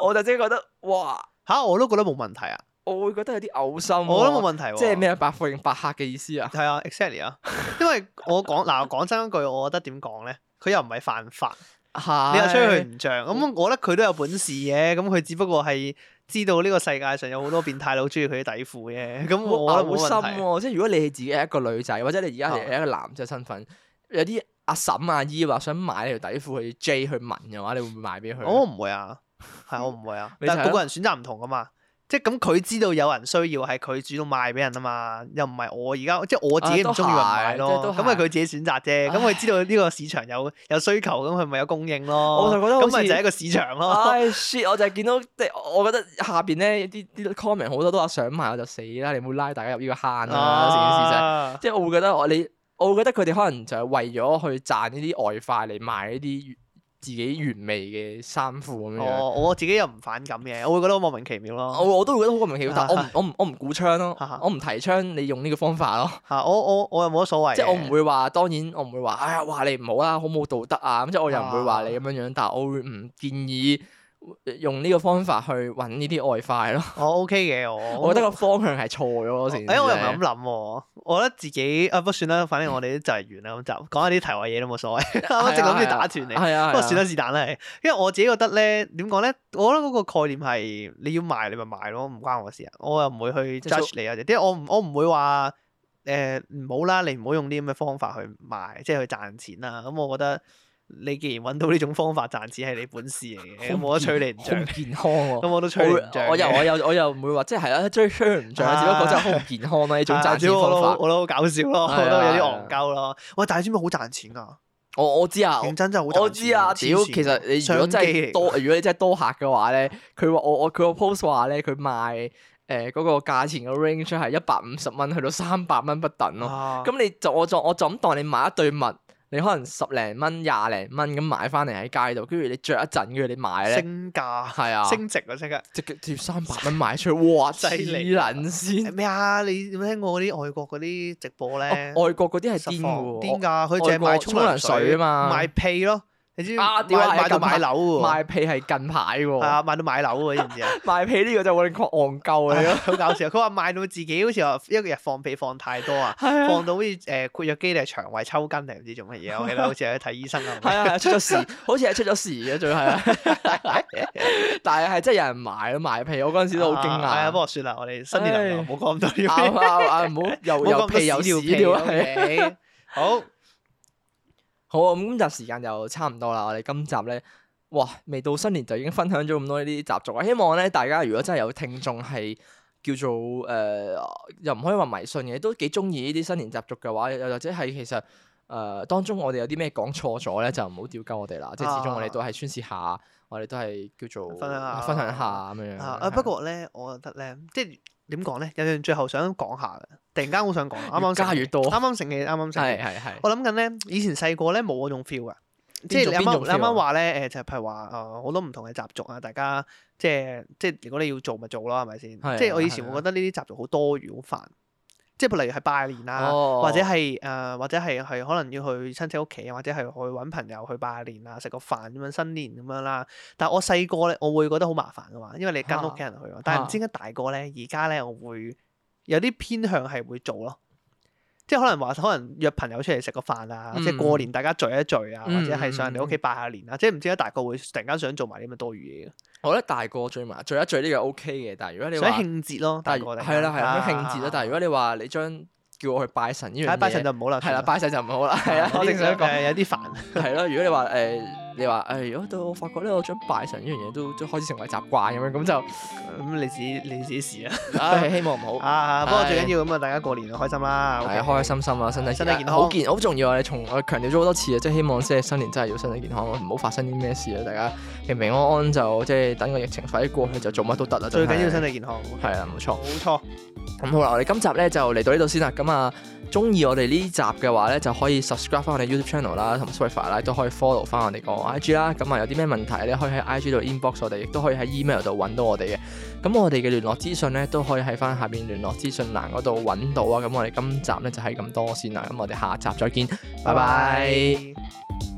我就即係覺得哇嚇、啊、我都覺得冇問題啊！我會覺得有啲嘔心，啊，我覺得冇問題，即係咩啊？白富英白客嘅意思啊？係啊，exactly 啊！因為我講，嗱，講真一句，我覺得點講咧？佢又唔係犯法，是你又吹佢唔漲，咁，嗯嗯，我覺得佢都有本事嘅，啊，咁佢只不過係知道呢個世界上有好多變態佬中意佢啲底褲嘅，咁我，嗯，我覺得好深喎！即係如果你係自己係一個女仔，或者你而家係一個男仔身份，有啲阿嬸阿姨話想買條底褲去 J 去聞嘅話，你會唔會賣俾佢？我唔會啊，係我唔會啊， 但係個個人選擇唔同噶嘛。即咁佢知道有人需要，係佢主動賣俾人啊嘛，又唔係我而家，即我自己唔中意買咯。咁咪佢自己選擇啫。咁佢、哎、知道呢個市場有有需求，咁佢咪有供應咯。我就覺得，咁咪就係一個市場咯、哎。shit！我，我，我就係見到，即我覺得下邊咧啲啲 comment 好多都話想賣，我就死啦，你唔好拉大家入呢個坑啦，成件事就係，即係我會覺得我你，我會覺得佢哋可能就係為咗去賺呢啲外快嚟買呢啲。自己原味嘅衫褲咁樣，我、oh, 我自己又唔反感嘅，我會覺得好莫名其妙咯。 我我都會覺得好莫名其妙，但我唔我唔我唔鼓倡咯，我唔 提倡你用呢個方法咯。嚇 我我我又冇乜所謂。即我唔會話，當然我唔會話，哎呀，話你唔好啦，好冇道德啊！咁即我又唔會話你咁樣樣， 但我會唔建議，用呢個方法去揾呢啲外快咯 我、okay，我 OK 嘅我，我覺得個方向係錯咗咯，先。 哎，我又唔係咁諗，我覺得自己啊，不過算啦，反正我哋都就係完啦，咁就講下啲題外嘢都冇所謂，我一直諗住打斷你，啊、不過算啦是但、啊、啦、啊，因為我自己覺得咧，點講咧，我覺得嗰個概念係你要賣你咪賣咯，唔關我事啊，我又唔會去 judge 你啊，即係我唔我唔會話誒唔好啦，你唔好用啲咁嘅方法去賣，即係去賺錢啊，咁、嗯嗯、我覺得。你既然揾到呢種方法賺錢係你本事嚟嘅，冇得吹脹，好健康喎。咁我都吹脹，我又我又我又唔會話，即係啊，追吹唔漲，只不過真係好唔健康咯。呢種賺錢方法，我覺得好搞笑咯，我覺得有啲戇鳩咯。喂，但係你知唔知好賺錢啊？我我知啊，認真真係好賺錢。我知啊，屌，其實你如果真係多，如果你真係多客嘅話咧，佢話我我佢個 post 話咧，佢賣誒嗰個價錢嘅 range 係一百五十蚊去到三百蚊不等咯。咁你就我就我就咁當你買一對襪。你可能十零蚊、廿零蚊咁買翻嚟喺街度，跟住你著一陣，跟住你買咧，升價，係啊升，升值啊，升價，直接跌三百蚊賣出去，哇！犀利撚先。咩啊？你有冇聽過嗰啲外國嗰啲直播咧、哦？外國嗰啲係癲㗎喎，癲㗎，佢淨係賣沖涼水啊嘛，賣屁咯。你知唔知？啊，點解賣到買樓喎，賣屁係近排喎，係啊，賣到買樓嗰件事，賣屁呢個就我哋確戇鳩嚟咯，好搞笑。佢話賣到自己好似話一日放屁放太多啊，放到好似誒括約肌定係腸胃抽筋定唔知做乜嘢，我記得好似係睇醫生啊。係啊，出咗事，好似係出咗事嘅，最係。但係係真係有人賣咯賣屁。我嗰陣時都好驚訝。啊，不過算啦，我哋新年唔好講咁多。啊啊唔好又有屁又屎，好。好啊，咁今集時間就差唔多啦。我哋今集咧，哇，未到新年就已經分享咗咁多呢啲習俗啊。希望咧，大家如果真係有聽眾係叫做誒、呃，又唔可以話迷信嘅，都幾中意呢啲新年習俗嘅話，又或者係其實誒、呃、當中我哋有啲咩講錯咗咧，就唔好屌鳩我哋啦。即係、啊、始終我哋都係宣泄下，我哋都係叫做分享下，咁樣啊。啊，不過咧，我覺得咧，即係。點講咧？有樣最後想講下嘅，突然間好想講。啱啱加越多。啱啱醒起，啱啱醒起。我諗緊咧，以前細個咧冇嗰種 feel 嘅。種即係你啱啱，你啱啱話咧，誒就係譬如話誒好多唔同嘅習俗啊，大家即係即係如果你要做咪做咯，係咪先？是即係我以前會的覺得呢啲習俗好多餘，好煩。即係例如係拜年啊，或者係誒、呃，或者係係可能要去親戚屋企，或者係去揾朋友去拜年啊，食個飯咁樣新年咁樣啦。但我細個咧，我會覺得好麻煩嘅嘛，因為你跟屋企人去，啊。啊但係唔知點解大個咧，而家咧我會有啲偏向係會做咯。即係可能話，可能約朋友出嚟食個飯啊，即係過年大家聚一聚啊，或者係上人哋屋企拜下年啊，即係唔知點解大個會突然間想做埋啲咁嘅多餘嘢，我覺得大個聚埋，聚一聚呢樣 O K 嘅，但係如果你想慶節咯，大個係啦係啦，慶節啦。但係如果你話你將叫我去拜神呢樣，拜神就唔好啦，係啦拜神就唔好啦，係啊我淨想講有啲煩，係咯如果你話誒。你話誒，如、哎、果到我發覺咧，我將拜神呢樣嘢都都開始成為習慣咁樣就，咁就咁你自己你自己事啊！都係希望唔好啊。不過最緊要咁啊，大家過年啊，開心啦，大家開開心心啊，身體身體健康，好好重要啊！我從我強調咗好多次啊，即係希望即係新年真係要身體健康，唔好發生啲咩事啊！大家平平安安就即係等個疫情快啲過去，就做乜都得啦。最緊要身體健康，係啊是，冇 okay, 錯，冇錯。 咁好啦，我哋今集咧就嚟到呢度先啦。咁啊，鍾意我哋呢集嘅話咧，就可以 subscribe 翻我哋 YouTube channel 啦，同 Spotify 啦，都可以 follow 翻我哋、個。I.G 啦，咁啊有啲咩問題咧，可以喺 I.G 度 inbox 我哋，亦都可以喺 email 度揾到我哋嘅。咁我哋嘅聯絡資訊咧，都可以喺翻下邊聯絡資訊欄嗰度揾到啊。咁我哋今集咧就係咁多先啦。咁我哋下集再見，拜拜。拜拜。